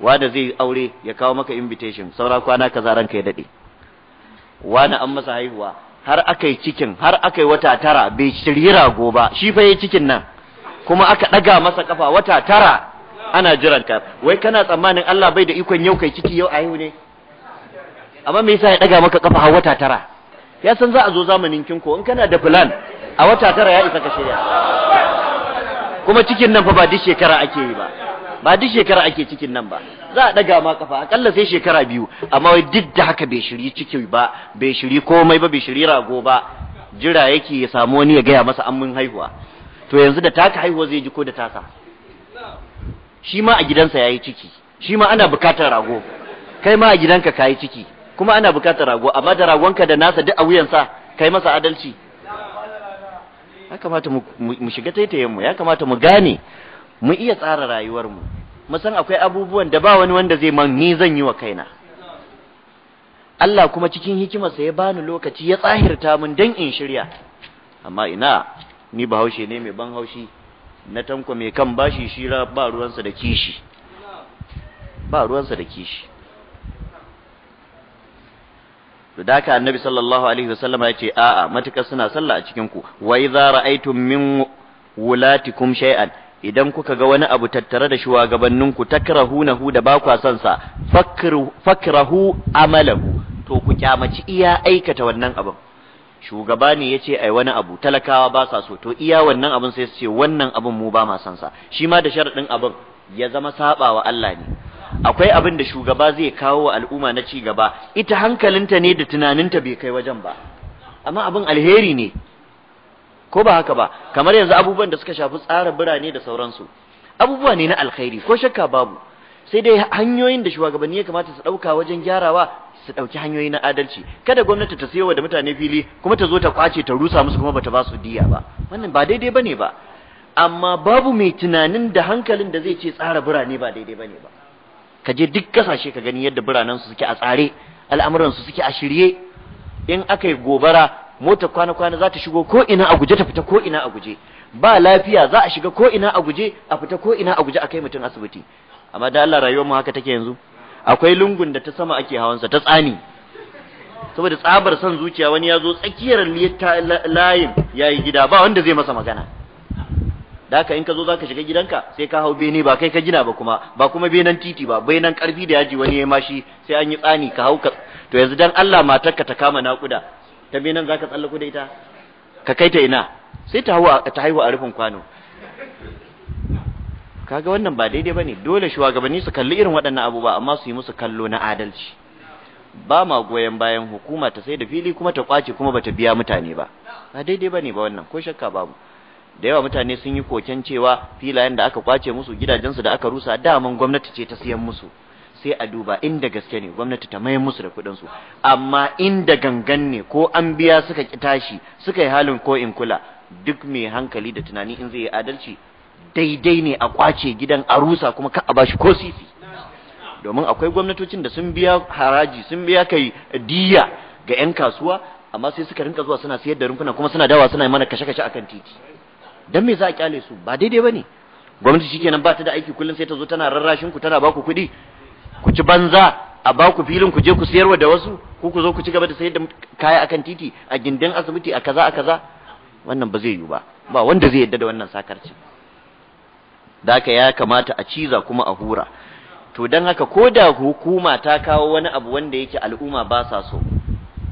wanda zai aure ya kawo maka invitation saura kwana ka kaza ka ya dade wani an masa haihuwa har aka cikin har aka yi wata tara bai shirye rago ba shi fa yi cikin nan kuma aka ɗaga masa kafa wata tara ana jiran ka wai kana tsammanin Allah bai da ikon yau kai ciki yau a ne amma me yasa ya daga maka kafa har wata tara ya san za a zo zamanin kinko in kana da plan a wata tara ya isa ka shirya kuma cikin nan fa ba duk shekara ake yi ba ba duk shekara ake cikin nan ba za a daga ma kafa akalla sai shekara biyu amma wai duk da haka bai shiri ciki ba bai shiri komai ba bai shiri rago ba jira yake ya samu wani ya gaya masa an mun haihuwa to yanzu da taka haihuwa zai ji ko da tasa shi ma a gidansa yayi ciki shi ma ana bukatar rago kai ma a gidanka kayi ciki kuma ana bukatar rago amma da ragonka da nasa duk a wuyansa kai masa adalci ya kamata mu shiga taitayen mu ya kamata mu gane mu iya tsara rayuwarmu mu san akwai abubuwan da ba wani wanda zai man ni zan yi wa kaina Allah kuma cikin hikimarsa ya bani lokaci ya tsahirta min dan in shirya amma ina ni bahaushe ne mai ban haushi na tanko mai kan bashi shi ba ruwansa da kishi ba ruwansa da kishi da haka annabi sallallahu alaihi wasallam ya ce a'a matukar suna sallah a cikin ku wa idza ra'aytum min wulatikum shay'an idan kuka ga wani abu tattare da shugabanninku hu da ba kwa son sa fakrahu amalahu to ku kyamaci iya aikata wannan abin shugaba ne yace ai wani abu talakawa ba sa so to iya wannan abin sai su ce wannan abin mu ba ma son sa shi ma da sharadin abin ya zama sabawa Allah ne akwai abin da shugaba zai kawo wa al'umma na ci gaba ita hankalinta ne da tunaninta bai kai wajen ba amma abin alheri ne ko ba haka ba kamar yanzu abubuwan da suka shafi tsara birane da sauransu abubuwa ne na alkhairi ko shakka babu sai dai hanyoyin da shugabanni ya kamata su ɗauka wajen gyarawa su ɗauki hanyoyi na adalci kada gwamnati ta sayo da mutane fili kuma ta zo ta kwace ta rusa musu kuma bata ba su diya ba wannan ba daidai bane ba amma babu mai tunanin da hankalin da zai ce tsara birane ba daidai bane ba ka je duk kasashe ka gani yadda biranen su suke a tsare al'amuran su suke a shirye in aka yi gobara motar kwana-kwana za ta shigo ko ina a guje ta fita ko'ina ina a guje ba lafiya za a shiga ko'ina ina a guje a fita ko ina a guje a kai mutum asibiti amma da Allah rayuwar mu haka take yanzu akwai lungun da ta sama ake sa ta tsani saboda tsabar son zuciya wani ya zo tsakiyar layin ya yi gida ba wanda zai masa magana da haka in ka zo za ka shiga gidanka sai ka hau bene ba kai ka gina ba kuma ba kuma benen titi ba benen karfi da yaji wani ya mashi sai an yi tsani ka hau ka to yanzu dan Allah matarka ta kama naƙuda ta za ka tsallako da ita ka kai ta ina sai ta haihu a rufin kwano kaga wannan ba daidai bane dole shugabanni su kalli irin waɗannan abubuwa amma su yi musu kallo na adalci ba ma goyon bayan hukuma ta sai da fili kuma ta kwace kuma bata biya mutane ba ba daidai bane ba wannan ko shakka babu da yawa mutane sun yi koken cewa filayen da aka kwace musu gidajensu da aka rusa daman gwamnati ce ta siyan musu sai a duba inda gaske ne gwamnati ta mai musu da kuɗin su amma inda gangan ne ko an biya suka ki tashi suka yi halin ko in kula duk mai hankali da tunani in zai yi adalci daidai ne a kwace gidan a rusa kuma ka a bashi ko sisi domin akwai gwamnatocin da sun biya haraji sun biya kai diya ga 'yan kasuwa amma sai suka rinka zuwa suna siyar da rumfuna kuma suna dawa suna mana kashe-kashe akan titi dan me za a kyale su ba daidai bane gwamnati shikenan ba ta da aiki kullum sai ta zo tana rarrashin ku tana ba ku kuɗi ku ci banza a ba ku filin ku je ku sayarwa da wasu ko ku zo ku ci gaba da sayar da kaya akan titi a gindin asibiti a kaza a kaza wannan ba zai yiwu ba ba wanda zai yadda da wannan sakarci da ya kamata a ciza kuma a hura to dan haka ko da hukuma ta kawo wani abu wanda yake al'umma ba sa so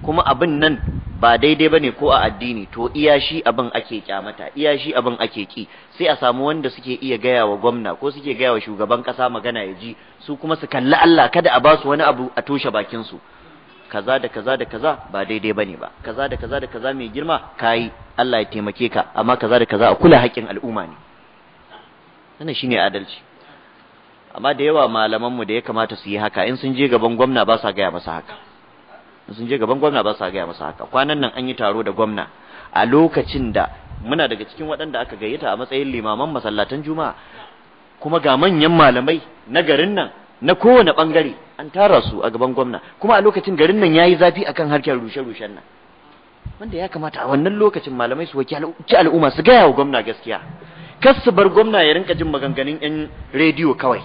kuma abin nan ba daidai bane ko a addini to iya shi abin ake kyamata iya shi abin ake ki sai a samu wanda suke iya gaya wa gwamna ko suke gaya wa shugaban kasa magana ya ji su kuma su kalli Allah kada a basu wani abu a toshe bakin su kaza da kaza da kaza ba daidai bane ba kaza da kaza da kaza mai girma kai Allah ya taimake ka amma kaza da kaza a kula haƙƙin al'umma ne wannan shine adalci amma da yawa malaman mu da ya kamata su yi haka in sun je gaban gwamna ba sa gaya masa haka sun je gaban gwamna ba sa gaya masa haka kwanan nan an yi taro da gwamna a lokacin da muna daga cikin waɗanda aka gayyata a matsayin limaman masallatan juma'a kuma ga manyan malamai na garin nan na kowane ɓangare an tara su a gaban gwamna kuma a lokacin garin nan ya yi zafi akan harkar rushe-rushen nan wanda ya kamata a wannan lokacin malamai su wakilci al'umma su gaya wa gwamna gaskiya kar su bar gwamna ya rinka jin maganganun 'yan rediyo kawai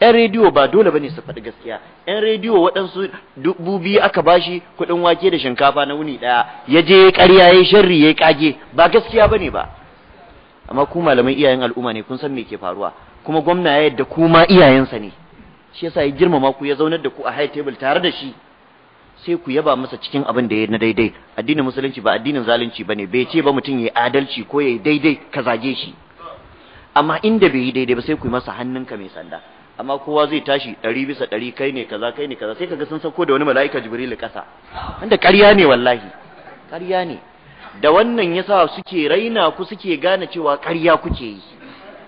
'yan rediyo ba dole bane su faɗi gaskiya 'yan rediyo waɗansu dubu biyu aka bashi kuɗin wake da shinkafa na wuni ɗaya ya je ƙarya ya sharri ya ƙage ba gaskiya bane ba amma ku malaman iyayen al'umma ne kun san me ke faruwa kuma gwamna ya yadda ku ma iyayensa ne shi yasa ya girmama ku ya zaunar da ku a high table tare da shi sai ku yaba masa cikin abin da ya na daidai addinin musulunci ba addinin zalunci bane bai ce ba mutum ya yi adalci ko ya yi daidai ka zage shi amma inda bai yi daidai ba sai ku yi masa hannunka mai sanda amma kowa zai tashi ɗari bisa ɗari kai ne kaza kai ne kaza sai kaga sun sauko da wani mala'ika jibril ƙasa wanda ƙarya ne wallahi ƙarya ne da wannan yasa suke raina ku suke gane cewa ƙarya kuke yi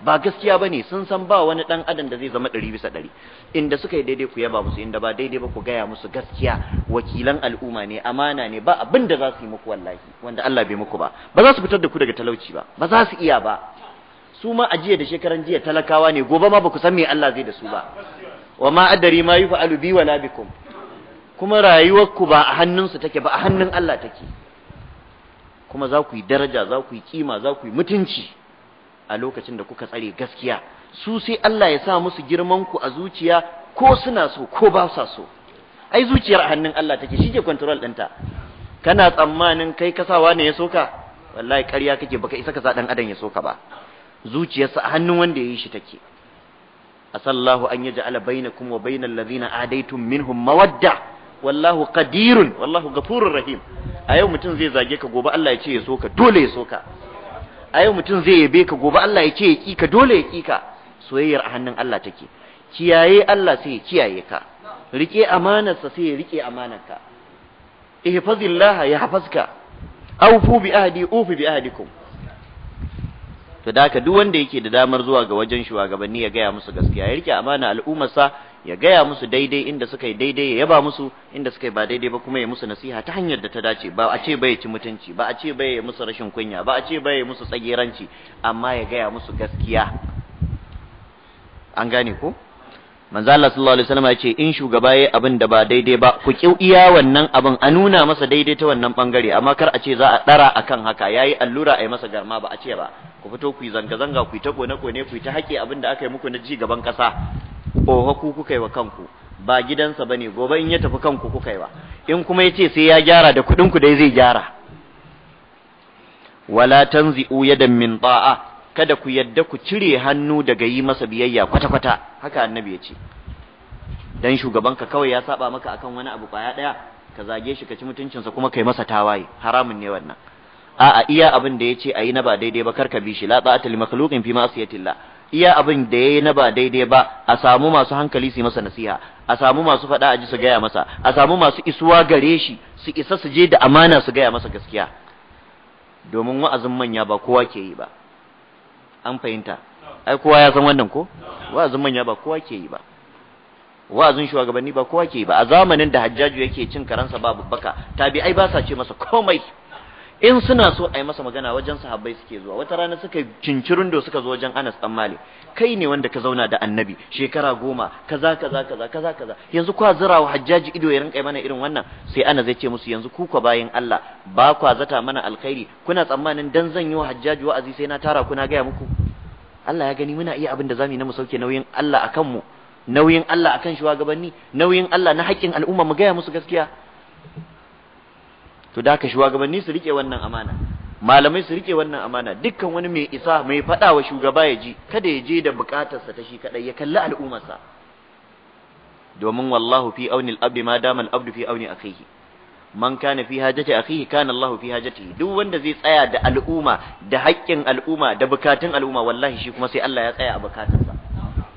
ba gaskiya bane sun san ba wani dan adam da zai zama ɗari bisa ɗari inda suka yi daidai ku yaba musu inda ba daidai ba ku gaya musu gaskiya wakilan al'umma ne amana ne ba abin da za su yi muku wallahi wanda Allah bai muku ba ba za su fitar da ku daga talauci ba ba za su iya ba su ma a jiya da shekaran jiya talakawa ne gobe ma baku san me Allah zai da su ba wa ma adari ma yuf'alu bi wala bikum kuma rayuwarku ba a hannunsu take ba a hannun Allah take kuma za ku yi daraja za ku yi kima za ku yi mutunci a lokacin da kuka tsare gaskiya su sai Allah ya sa musu girman ku a zuciya ko suna so ko ba sa so ai zuciyar a hannun Allah take shi ke control ɗinta kana tsammanin kai kasawa ne ya soka wallahi ƙarya kake baka isa ka sa ɗan adam ya soka ba zuciyarsa a hannun wanda ya yi shi take asallahu an baina kuma wa baina ladhina adaitum minhum mawadda wallahu qadirun wallahu ghafurur rahim a yau mutum zai zage ka gobe Allah ya ce ya so ka dole ya so ka a yau mutum zai yabe ka gobe Allah ya ce ya kika dole ya kika soyayyar a hannun Allah take kiyaye Allah sai ya kiyaye ka rike amanarsa sai ya rike amanarka ihfazillaha ya awfu bi ahdi ufi bi ahdikum to da haka duk wanda yake da damar zuwa ga wajen shugabanni ya gaya musu gaskiya ya rike amana al'ummarsa ya gaya musu daidai inda suka yi daidai ya yaba musu inda suka yi ba daidai ba kuma ya musu nasiha ta hanyar da ta dace ba a ce bai ci mutunci ba a ce bai musu rashin kunya ba a ce bai musu tsageranci amma ya gaya musu gaskiya an gane ko manzo Allah sallallahu alaihi wasallam ya ce in shugaba yayi abin da ba daidai ba ku kiu iya wannan abin a nuna masa daidai ta wannan bangare amma kar a ce za a dara akan haka yayi allura ai masa garma ba a ce ba ku fito ku yi zanga zanga ku yi ta kone kone ku yi ta haƙe abin da aka yi muku na ji gaban ƙasa oho ku kuka yi wa kanku ba gidansa bane gobe in ya tafi kanku kuka yi wa in kuma ya ce sai ya gyara da kuɗin ku dai zai gyara wala tanzi'u yadan min ta'a kada ku yadda ku cire hannu daga yi masa biyayya kwata-kwata haka annabi ya ce dan shugabanka kawai ya saba maka akan wani abu kwaya daya ka zage shi ka ci mutuncinsa kuma kai masa tawaye haramun ne wannan a'a iya abin da yace ayi na ba daidai ba kar ka bi shi la ta'ata li makhluqin fi ma'siyatillah iya abin da yayi na ba daidai ba a samu masu hankali su masa nasiha a samu masu faɗa a ji su gaya masa a samu masu isuwa gare shi su isa su je da amana su gaya masa gaskiya domin wa'azin manya ba kowa ke yi ba an fahimta ai kowa ya san wannan ko wa'azin manya ba kowa ke yi ba wa'azin shugabanni ba kowa ke yi ba a zamanin da hajjaju yake cin karansa babu baka ai ba sa ce masa komai in suna so a yi masa magana wajen sahabbai suke zuwa wata rana suka cincirin da suka zo wajen Anas dan Malik kai ne wanda ka zauna da Annabi shekara goma kaza kaza kaza kaza kaza yanzu kwa zira wa Hajjaji ido ya rinka mana irin wannan sai Anas zai ce musu yanzu ku kwa bayin Allah ba kwa zata mana alkhairi kuna tsammanin dan zan yi wa Hajjaji wa'azi sai na tara kuna gaya muku Allah ya gani muna iya abin da zamu yi na mu sauke nauyin Allah akan mu nauyin Allah akan shugabanni nauyin Allah na haƙƙin al'umma mu gaya musu gaskiya to da ka shugabanni su rike wannan amana malamai su rike wannan amana dukkan wani mai isa mai faɗawa shugaba ya ji kada ya je da bukatarsa ta shi kadai ya kalli al'ummarsa domin wallahu fi auni al ma dama al-abdu fi auni akhihi man kana fi hajati akhihi kana Allahu fi hajatihi duk wanda zai tsaya da al'umma da haƙƙin al'umma da bukatun al'umma wallahi shi kuma sai Allah ya tsaya a bukatunsa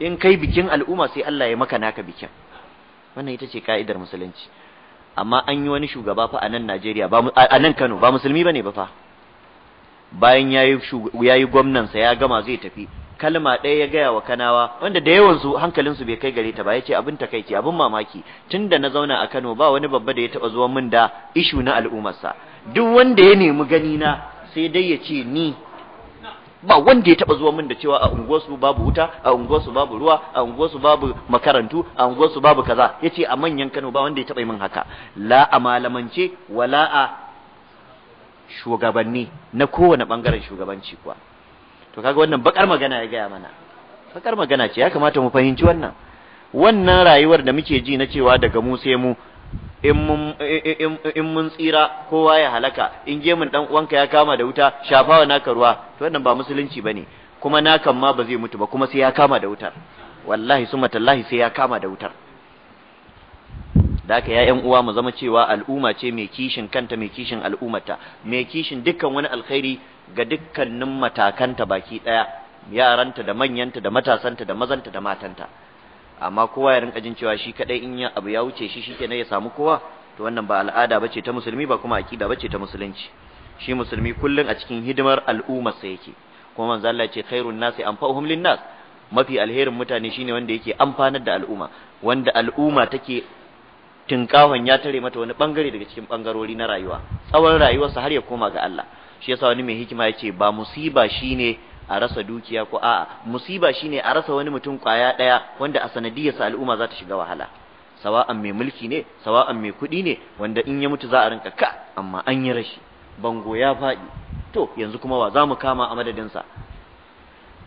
in kai bikin al'umma sai Allah ya maka naka bikin wannan ita ce ka'idar musulunci amma an yi wani shugaba fa a nan Najeriya ba a nan Kano ba musulmi bane ba fa bayan yayi yayi gwamnansa ya gama zai tafi kalma ɗaya ya gaya wa kanawa wanda da yawan su hankalin su bai kai gare ta ba Ya yace abin takaici abin mamaki tunda na zauna a Kano ba wani babba da ya taba zuwa min da ishu na al'ummarsa duk wanda ya nemi gani na sai dai ya ce ni ba wanda ya taba zuwa min da cewa a unguwarsu babu wuta a unguwarsu babu ruwa a unguwarsu babu makarantu a unguwarsu babu kaza yace a manyan Kano ba wanda ya taba min haka la a malamance wala a shugabanni na kowane bangaren shugabanci kuwa to kaga wannan bakar magana ya gaya mana bakar magana ce ya kamata mu fahimci wannan wannan rayuwar da muke ji na cewa daga mu sai mu in mun tsira kowa ya halaka in gemun dan uwanka ya kama da wuta shafawa naka ruwa to wannan ba musulunci bane kuma nakan ma ba zai mutu ba kuma sai ya kama da wutar wallahi summa tallahi sai ya kama da wutar daka ya yan uwa mu zama cewa al'umma ce mai kishin kanta mai kishin al'ummata mai kishin dukkan wani alkhairi ga dukkanin matakanta baki daya yaranta da manyanta da matasanta da mazanta da matanta amma kowa ya rinka jin cewa shi kadai in ya abu ya wuce shi shikenan ya samu kowa to wannan ba al'ada bace ta musulmi ba kuma akida bace ta musulunci shi musulmi kullun a cikin hidimar al'umma sa yake kuma manzo Allah ce khairun nasi anfa'uhum linnas mafi alherin mutane shine wanda yake amfanar da al'umma wanda al'umma take tinkahon ya tare mata wani bangare daga cikin bangarori na rayuwa tsawon rayuwarsa har ya koma ga Allah shi yasa wani mai hikima yace ba musiba shine a rasa dukiya ko a'a musiba shine a rasa wani mutum kwaya daya wanda a sanadiyarsa al'umma za ta shiga wahala sawa'an mai mulki ne sawa'an mai kuɗi ne wanda in ya mutu za a rinka ka amma an yi rashi bango ya faɗi to yanzu kuma wa za mu kama a madadinsa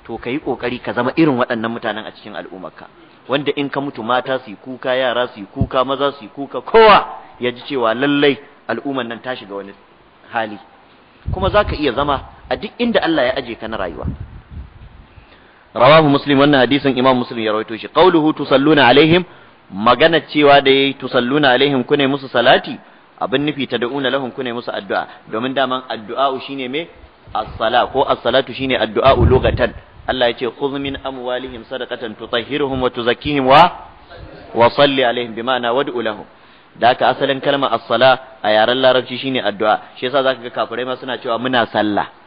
to ka yi ƙoƙari ka zama irin waɗannan mutanen a cikin al'ummarka wanda in ka mutu mata su yi kuka yara su yi kuka maza su yi kuka kowa ya ji cewa lallai al'ummar nan ta shiga wani hali kuma za ka iya zama a duk inda Allah ya aje ka na rayuwa rawahu muslim wannan hadisin imam muslim ya rawaito shi qauluhu tusalluna alaihim magana cewa da yayi tusalluna alaihim kune musu salati abin nufi ta da'una lahum kune musu addu'a domin daman addu'a shine me as-sala ko as-salatu shine addu'a lugatan Allah ya ce khudh min amwalihim sadaqatan tutahhiruhum wa tuzakkihim wa wa salli alaihim bima'ana wad'u lahum da ka asalin kalmar as-sala a yaren larabci shine addu'a shi yasa zaka ga kafirai ma suna cewa muna sallah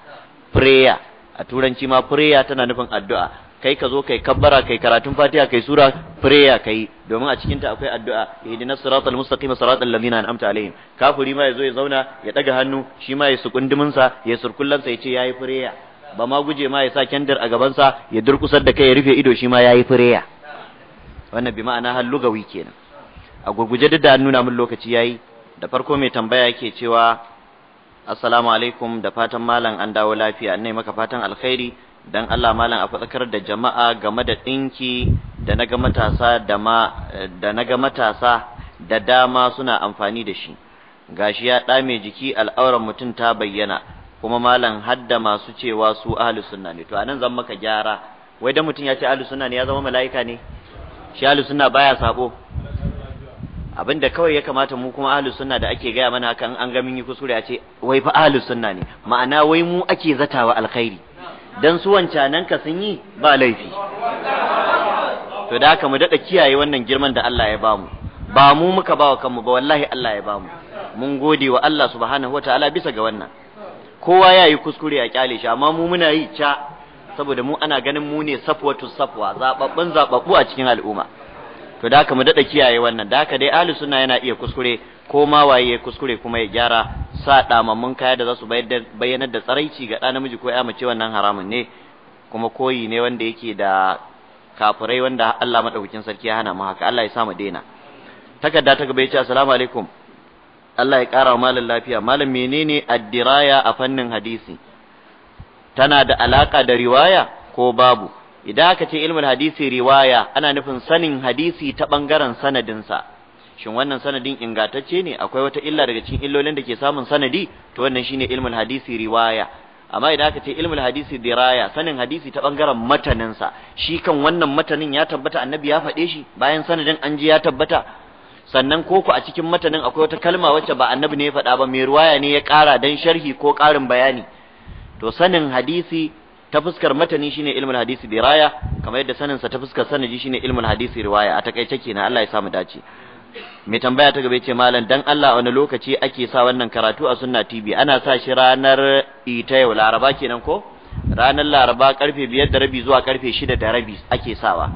prayer a turanci ma prayer tana nufin addu'a kai ka zo kai kabbara kai karatun fatiha kai sura prayer kai domin a cikinta akwai addu'a ihdinas siratal mustaqim siratal ladzina an'amta alaihim kafuri ma yazo ya zauna ya daga hannu shi ma ya sukundumin sa ya surkullan sa yace yayi prayer ba ma guje ma ya sa kendir a gaban sa ya durkusar da kai ya rufe ido shi ma yayi prayer wannan bi ma'ana har lugawi kenan a gurguje duk da an nuna min lokaci yayi da farko mai tambaya yake cewa assalamu alaikum da fatan malam an dawo lafiya ne maka fatan alkhairi dan Allah malam a fatsakar da jama'a game da ɗinki da naga matasa da ma da naga matasa da dama suna amfani da shi gashi ya mai jiki al'auran mutum ta bayyana kuma malam hadda masu cewa su ahlus sunna ne to anan zan maka gyara wai dan mutum ya ce ahlus sunna ne ya zama mala'ika ne shi ahlus sunna baya sabo Abin da kawai ya kamata mu kuma ahlus sunna da ake gaya mana haka an ga mun yi kusure a ce wai fa ahlus sunna ne ma'ana wai mu ake zatawa alkhairi dan su wancanan ka sun yi ba laifi to da haka mu dada kiyaye wannan girman da Allah ya bamu ba mu muka bawa kanmu ba wallahi Allah ya bamu mun gode wa Allah subhanahu wataala bisa ga wannan kowa ya yi kuskure a kyale shi amma mu muna yi ca saboda mu ana ganin mu ne safwatu safwa zababban zababbu a cikin al'umma to da haka mu dada kiyaye wannan da haka dai ahli sunna yana iya kuskure ko ma waye kuskure kuma ya gyara sa damammun kaya da za su bayyanar da tsaraici ga ɗa namiji ko ya mace wannan haramun ne kuma koyi ne wanda yake da kafirai wanda Allah madaukakin sarki ya hana mu haka Allah ya sa mu daina takarda ta gaba yace assalamu alaikum Allah ya kara malam lafiya malam menene addiraya a fannin hadisi tana da alaka da riwaya ko babu idan aka ce ilmin hadisi riwaya ana nufin sanin hadisi ta bangaren sanadinsa shin wannan sanadin ingantacce ne akwai wata illa daga cikin illolin da ke samun sanadi to wannan shine ilmul hadisi riwaya amma idan aka ce ilmin hadisi diraya sanin hadisi ta bangaren mataninsa shi kan wannan matanin ya tabbata annabi ya faɗe shi bayan sanadin an ji ya tabbata sannan koko a cikin matanin akwai wata kalma wacce ba annabi ne ya faɗa ba mai riwaya ne ya ƙara dan sharhi ko ƙarin bayani to sanin hadisi ta fuskar matani shine ilmul hadisi diraya kamar yadda sanin sa ta fuskar sanadi shine ilmul hadisi riwaya a takaice kenan Allah ya samu dace mai tambaya ta gaba ce malam dan Allah wani lokaci ake sa wannan karatu a sunna TV ana sa shi ranar ita yau laraba kenan ko ranar laraba karfe biyar da rabi zuwa karfe shida da rabi ake sawa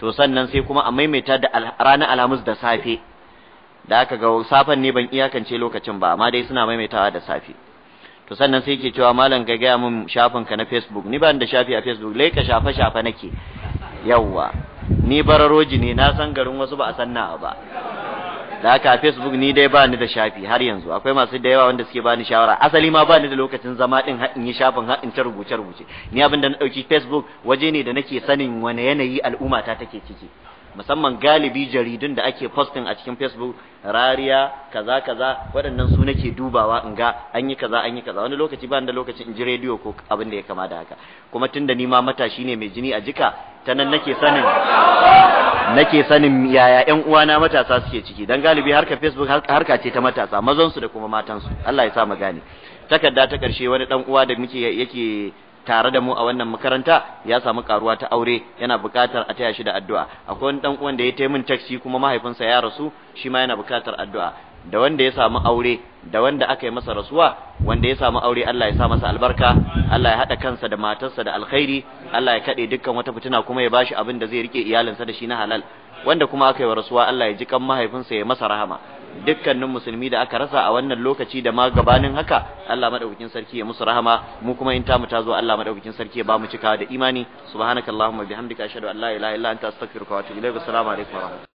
to sannan sai kuma a maimaita da ranar alhamis da safe da aka ga safan ne ban iyakance lokacin ba amma dai suna maimaitawa da safe to sannan sai ke cewa malam ka gaya min shafin ka na facebook ni ban da shafi a facebook ka shafa shafa nake yawwa ni bararoji ne na san garin wasu ba a san na ba da haka facebook ni dai ba ni da shafi har yanzu akwai masu da yawa wanda suke bani shawara asali ma ba ni da lokacin zama din in yi shafin har ta rubuce rubuce ni abin da na dauki facebook waje ne da nake sanin wani yanayi al'umma ta take ciki musamman galibi jaridun da ake posting a cikin facebook rariya kaza kaza waɗannan su nake dubawa in ga an yi kaza an yi kaza wani lokaci ba da lokacin in ji rediyo ko abin da ya kama da haka kuma tun da ni matashi ne mai jini a jika ta nan nake sanin nake sanin yaya ƴan uwana matasa suke ciki dan galibi harka facebook harka ce ta matasa mazan su da kuma matan su Allah ya sa mu gane takarda ta karshe wani dan uwa da muke yake tare da mu a wannan makaranta ya samu karuwa ta aure yana buƙatar a taya shi da addu'a akwai wani dan uwan da ya taimin taxi kuma mahaifinsa ya rasu shi ma yana buƙatar addu'a da wanda ya samu aure da wanda aka yi masa rasuwa wanda ya samu aure Allah ya sa masa albarka Allah ya haɗa kansa da matarsa da alkhairi Allah ya kaɗe dukkan wata fitina kuma ya bashi abin da zai rike iyalinsa da shi na halal wanda kuma aka yi wa rasuwa Allah ya ji kan mahaifinsa ya masa rahama dukkanin musulmi da aka rasa a wannan lokaci da ma gabanin haka Allah madaukakin sarki ya musu rahama mu kuma in mu ta zo Allah madaukakin sarki ya ba mu cika da imani subhanakallahumma bihamdika ashhadu an la ilaha illa anta astaghfiruka wa atubu ilaik assalamu alaikum